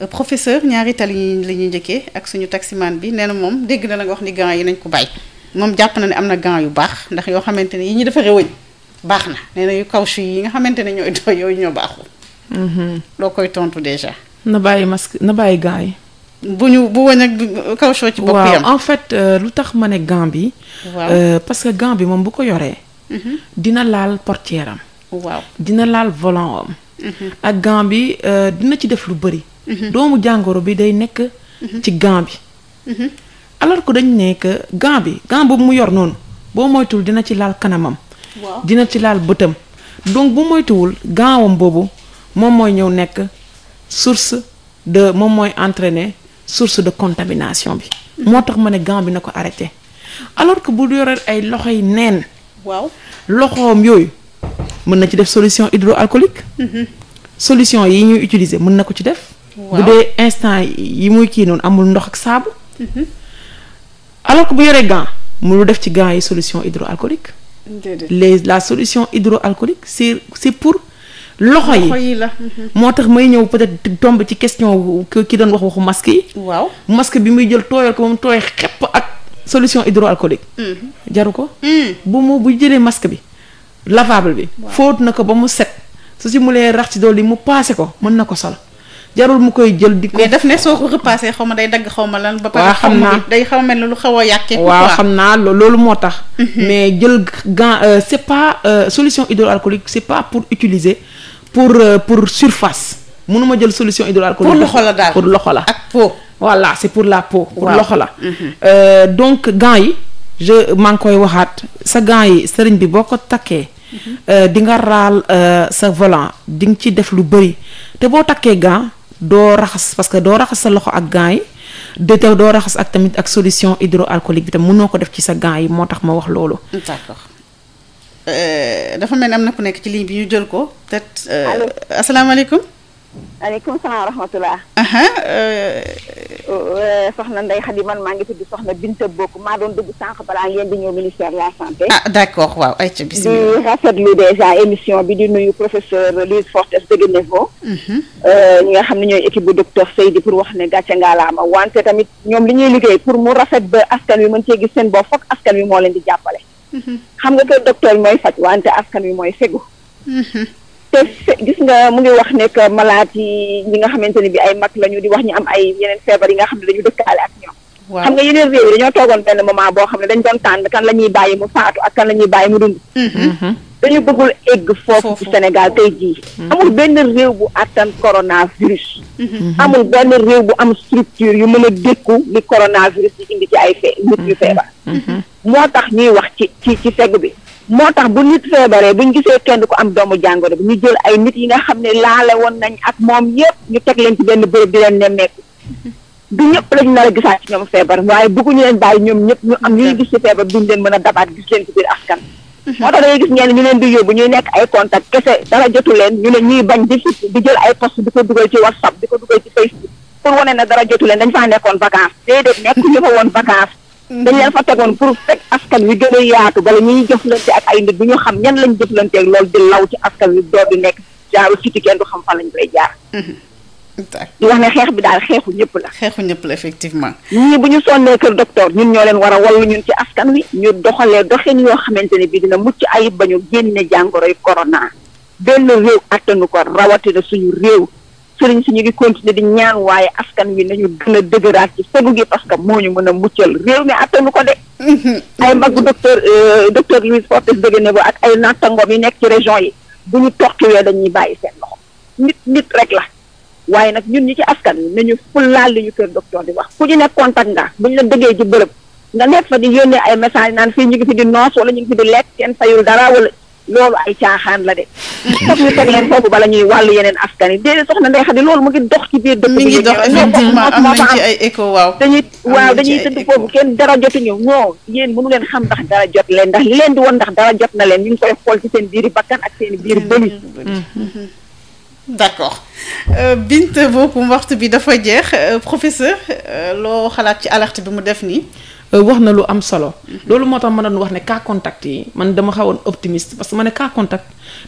euh, professeur ñaari tali yi la ñuy njëkkee ak suñu taximaan bi nee na moom dégg na la nga wax ni gants yi nañ ko bàyyi. moom jàpp na ne am na gants yu baax ndax yoo xamante ne yi ñu defaree wëñ baax na nee na yu caoutchouc yi nga xamante ne ñooy doy yooyu ñoo baaxul. Mhm. loo koy tontu déjà. na bàyyi masque na bàyyi gants yi. bu ñu bu wëñ ak kaw ci bopp yam en fait euh, lu tax ma ne gant bi. waaw euh, parce que gant bi moom bu ko yoree. Mhm. dina laal portière waaw dina laal volant am. Mhm. ak gant bi euh, dina ci def lu bëri. Mhm. doomu jàngoro bi day nekk. ci gant bi. alors que dañ nekk gant bi gant boobu mu yor noonu boo moytuwul dina ci laal kanamam. dina ci laal bëtam. donc moytuwul gant boobu moom mooy ñëw nekk source de moom mooy entraîner. source de contamination bi. moo tax ma ne gant bi na ko arrêté alors que bu yore ay loxo yi neen. waaw loxoom yooyu mën na ci def solution hydroalcoolique. Mhm. solution yi ñuy utiliser mën na ko ci def. bu dee instant yi muy kii noonu amul ndox ak saabu. Mhm. alors que bu yoree gant mënul def ci gant yi solution hydroalcoolique. les la solution hydroalcoolique c'est c'est pour. loxo yi la mhm. moo tax may ñëw peut-être tomb ci question ki doon wax waxu masque yi. waaw masque bi muy jël tooyal ko moom tooy xepp ak solution hydroalcoolique. Mhm. jaru ko. Mhm. bu mu bu jëlee masque bi lavable bi. fóot na ko ba mu set su si mu lee rax ci dool yi mu paase ko mën na ko sol. jarul mu koy jël di ko def daf ne soo ko repassé xaw ma day dagg xaw ma lan. ba pare xaw ma day xaw mel ne lu xaw a yàqee. waaw xam naa loolu moo tax. mais jël gant euh, c'est pas euh, solution hydroalcoolique c'est pas pour utiliser. pour euh, pour surface mënuma jël solution hydroalcoolique. pour loxo la daal pour loxo la. ak peau. voilà pour la pour loxo la. Mhm. Euh, donc gants yi je maa ngi koy waxaat sa gants yi sëriñ bi boo ko takkee. Euh, di nga raal sa volant di nga ci def lu bëri te boo takkee gan doo raxas parce que doo raxas sa loxo ak gants yi. de doo raxas ak tamit ak solution hydroalcoolique bi tam mënoo ko def ci sa gants yi moo tax ma wax loolu. d'accord Euh, dafa mel ni na ku nekk ci lii bi ñu jël ko peut-être. Euh, allo asalaamaaleykum. maaleykum salaam wa rahmatulah. Euh, soxna Ndeye Khady man maa ngi tudd soxna Binta Bokk maa doon dugg sànq balaa ngeen di ñëw ministère de la santé. ah d' accord waaw ay ca bisimilah. di rafetlu déjà émission bi di nuyu professeur Louise Fortes de Guénévo. Mhm. ñi nga xam ni ñooy équipe bu docteur Seydi pour wax ne gàcce ngaalaama wante tamit ñoom li ñuy liggéey pour mu rafet ba askan wi mën cee gis seen bopp foog askan wi moo leen di jàppale. xam nga ko docteur mooy faj wante askan wi mooy fegu te gis nga mu ngi wax ne malaat yi ñi nga xamante ne bi ay mag lañu di wax ñu am ay yeneen feebar yi nga xam ne dañu dëkkaale ak ñoom xam nga yeneen réew yi dañoo toogoon benn moment boo xam ne dañ doon tànn kan la ñuy bàyyi mu faatu ak kan lañuy bàyyi mu dund mm-hmm. Mm-hmm. dañu bëggul egg foofu ci Sénégal tey jii mhm. amul benn réew bu attan coronavirus mhm. amul benn réew bu am structure yu mën a dékku li coronavirus di indi ci ay fee nit ñu mhm. feebar moo tax ñuy wax ci ci ci segg bi moo tax bu nit feebaree buñ gisee kenn ko am doomu jàngoro bi ñu jël ay nit yi nga xam ne laale woon nañ ak moom yépp ñu teg leen ci benn bërëb di leen nemmeeku du ñëpp lañu nar a gisaat ci ñoom feebar waaye bëgguñu leen bàyyi ñoom ñëpp ñu am li ñu gis ci feebar leen mën a dabaat gis leen ci biir askan moo tax da ngay gis ñenn ñu leen di yóbbu ñuy nekk ay contact kese dara jotu leen ñu ne ñuy bañ di di jël ay post di ko dugal ci whatsapp di ko dugal ci facebook pour wane na dara jotu leen dañ faa nekkoon vacance déedéet nekk ñu fa woon vacance mhm. dañ leen fa tegoon pour fekk askan wi gën a yaatu bala ñuy jëflante ak ay nit bu ñu xam ñan lañ jëflanteeg loolu di law ci askan wi door di nekk jaaru siti kenn du xam fan lañ koy jaar mhm. ñu wax ne xeex bi daal xeexu ñëpp la. xeexu ñëpp la effectivement. ñii bu ñu sonnee kër docteur ñun ñoo leen war a wallu ñun ci askan wi. ñu doxalee doxin yoo xamante ne bii dina mucc ayib ba ñu génne jàngoroy corona. benn réew attanu ko rawatina suñu réew. sëriñ si ñu ngi continuer di ñaan waaye askan wi nañu gën a dëgëraat ci fegu gi parce que moo ñu mën a muccal réew mi attanu ko de. Mhm. ay mag docteur euh, docteur Louise Fortes Deggenebo ak ay nattangoom yi nekk ci région yi bu ñu toqiwee dañuy bàyyi seen loxo nit nit rek la. waaye nag ñun ñi ci askan wi nañu fulaal li ñu kër docteur di wax ku ñu nekk contact nga bu ñu la dëggee ci bërëb nga nekk fa di yónnee ay message naan fii ñu ngi fi di noos wala ñu ngi fi di lekk kenn fayul dara wala loolu ay caaxaan la de. foog ñu teg leen foofu bala ñuy wàllu yeneen askan yi loolu mu ngi dox ci biir dëkk mi ngi dox effectivement am nañ ci ay écho waaw. dañuy waaw dañuy tëdd foofu kenn dara jotuñu non yéen mënu leen xam ndax dara jot leen ndax li leen di woon ndax dara jot na leen ñu ngi koy xool ci seen biiri bakkan ak seen biir mm-hmm. bëli mm-hmm. Mm-hmm. d'accord euh, Binta boobu waxtu bi dafa jeex euh, professeur euh, loo xalaat ci alerte bi mu def nii. wax na lu am solo. Mhm. loolu moo tax ma nu wax ne cas contact yi man dama xawoon optimiste parce que ma ne cas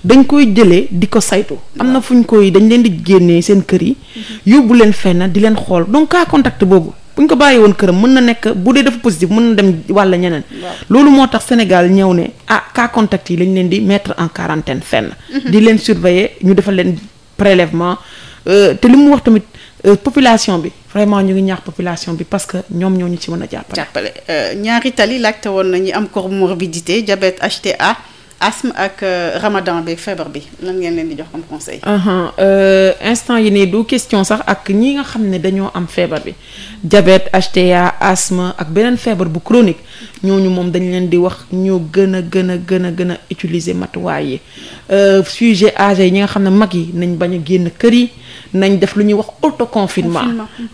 dañ koy jëlee di ko saytu. am na fu ñu koy dañ leen di génnee seen kër yi. Mhm. yóbbu leen fenn di leen xool donc cas contact boobu bu ñu ko bàyyi woon këram mën na nekk bu dee dafa positif mën na dem wàlla ñeneen. loolu moo tax Sénégal ñëw ne ah cas contact yi lañ leen di mettre en quarantaine fenn. Mhm. di leen surveiller ñu defal leen. prélèvement euh, te li mu wax tamit euh, population bi vraiment ñu ngi ñaax population bi parce que ñoom ñoo ñu ci mën a jàppale. jàppale euh, ñaari tali laajte woon nañu am comorbidité diabète HTA. asthme ak euh, ramadan bi feebar bi lan ngeen leen di jox comme conseil. Uh-huh. Euh, instant yi nii du question sax ak ñi nga xam ne dañoo am feebar bi jabet HTA asthme ak beneen feebar bu chronique ñooñu moom dañ leen di wax ñoo gën a gën a gën a gën a utiliser matuwaay yi euh, sujet age yi ñi nga xam ne mag yi nañ bañ a génn kër yi. nañ def lu ñuy wax autoconfinement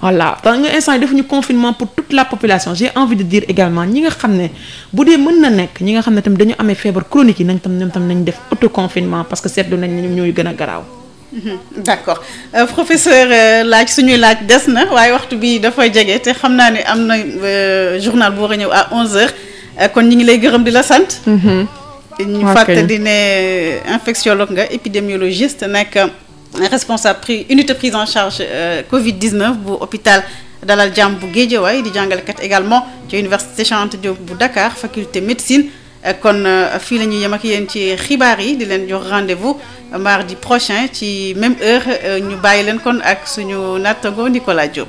voilà parce que instant yi ñu confinement pour toute la population j'ai envie de dire également ñi nga xam ne bu dee mën na nekk ñi nga xam ne tamit dañu amee feebar chronique yi nañ tam ñoom tam nañ def autoconfinement parce que seetlu nañ ñooy gën a garaaw mhm. d' accord euh, professeur euh, laaj suñuy laaj des na waaye waxtu bii dafa jege te xam naa ne am na euh, journal bu war a ñëw à 11h euh, kon ñu ngi lay gërëm di la sant. Mhm. ñu fàttali ne infectiologue nga épidémiologiste nekk. responsable prise unité prise en charge euh, Covid 19 bu hôpital Dalal Jàmm bu Géejawaay di jàngalekat également ci université Cheikh Anta Diop bu Dakar faculté médecine euh, kon euh, fii la ñuy yem ak yéen ci xibaar yi di leen jox rendez-vous mardi prochain ci même heure ñu bàyyi leen kon ak suñu nattango Nicolas Diop.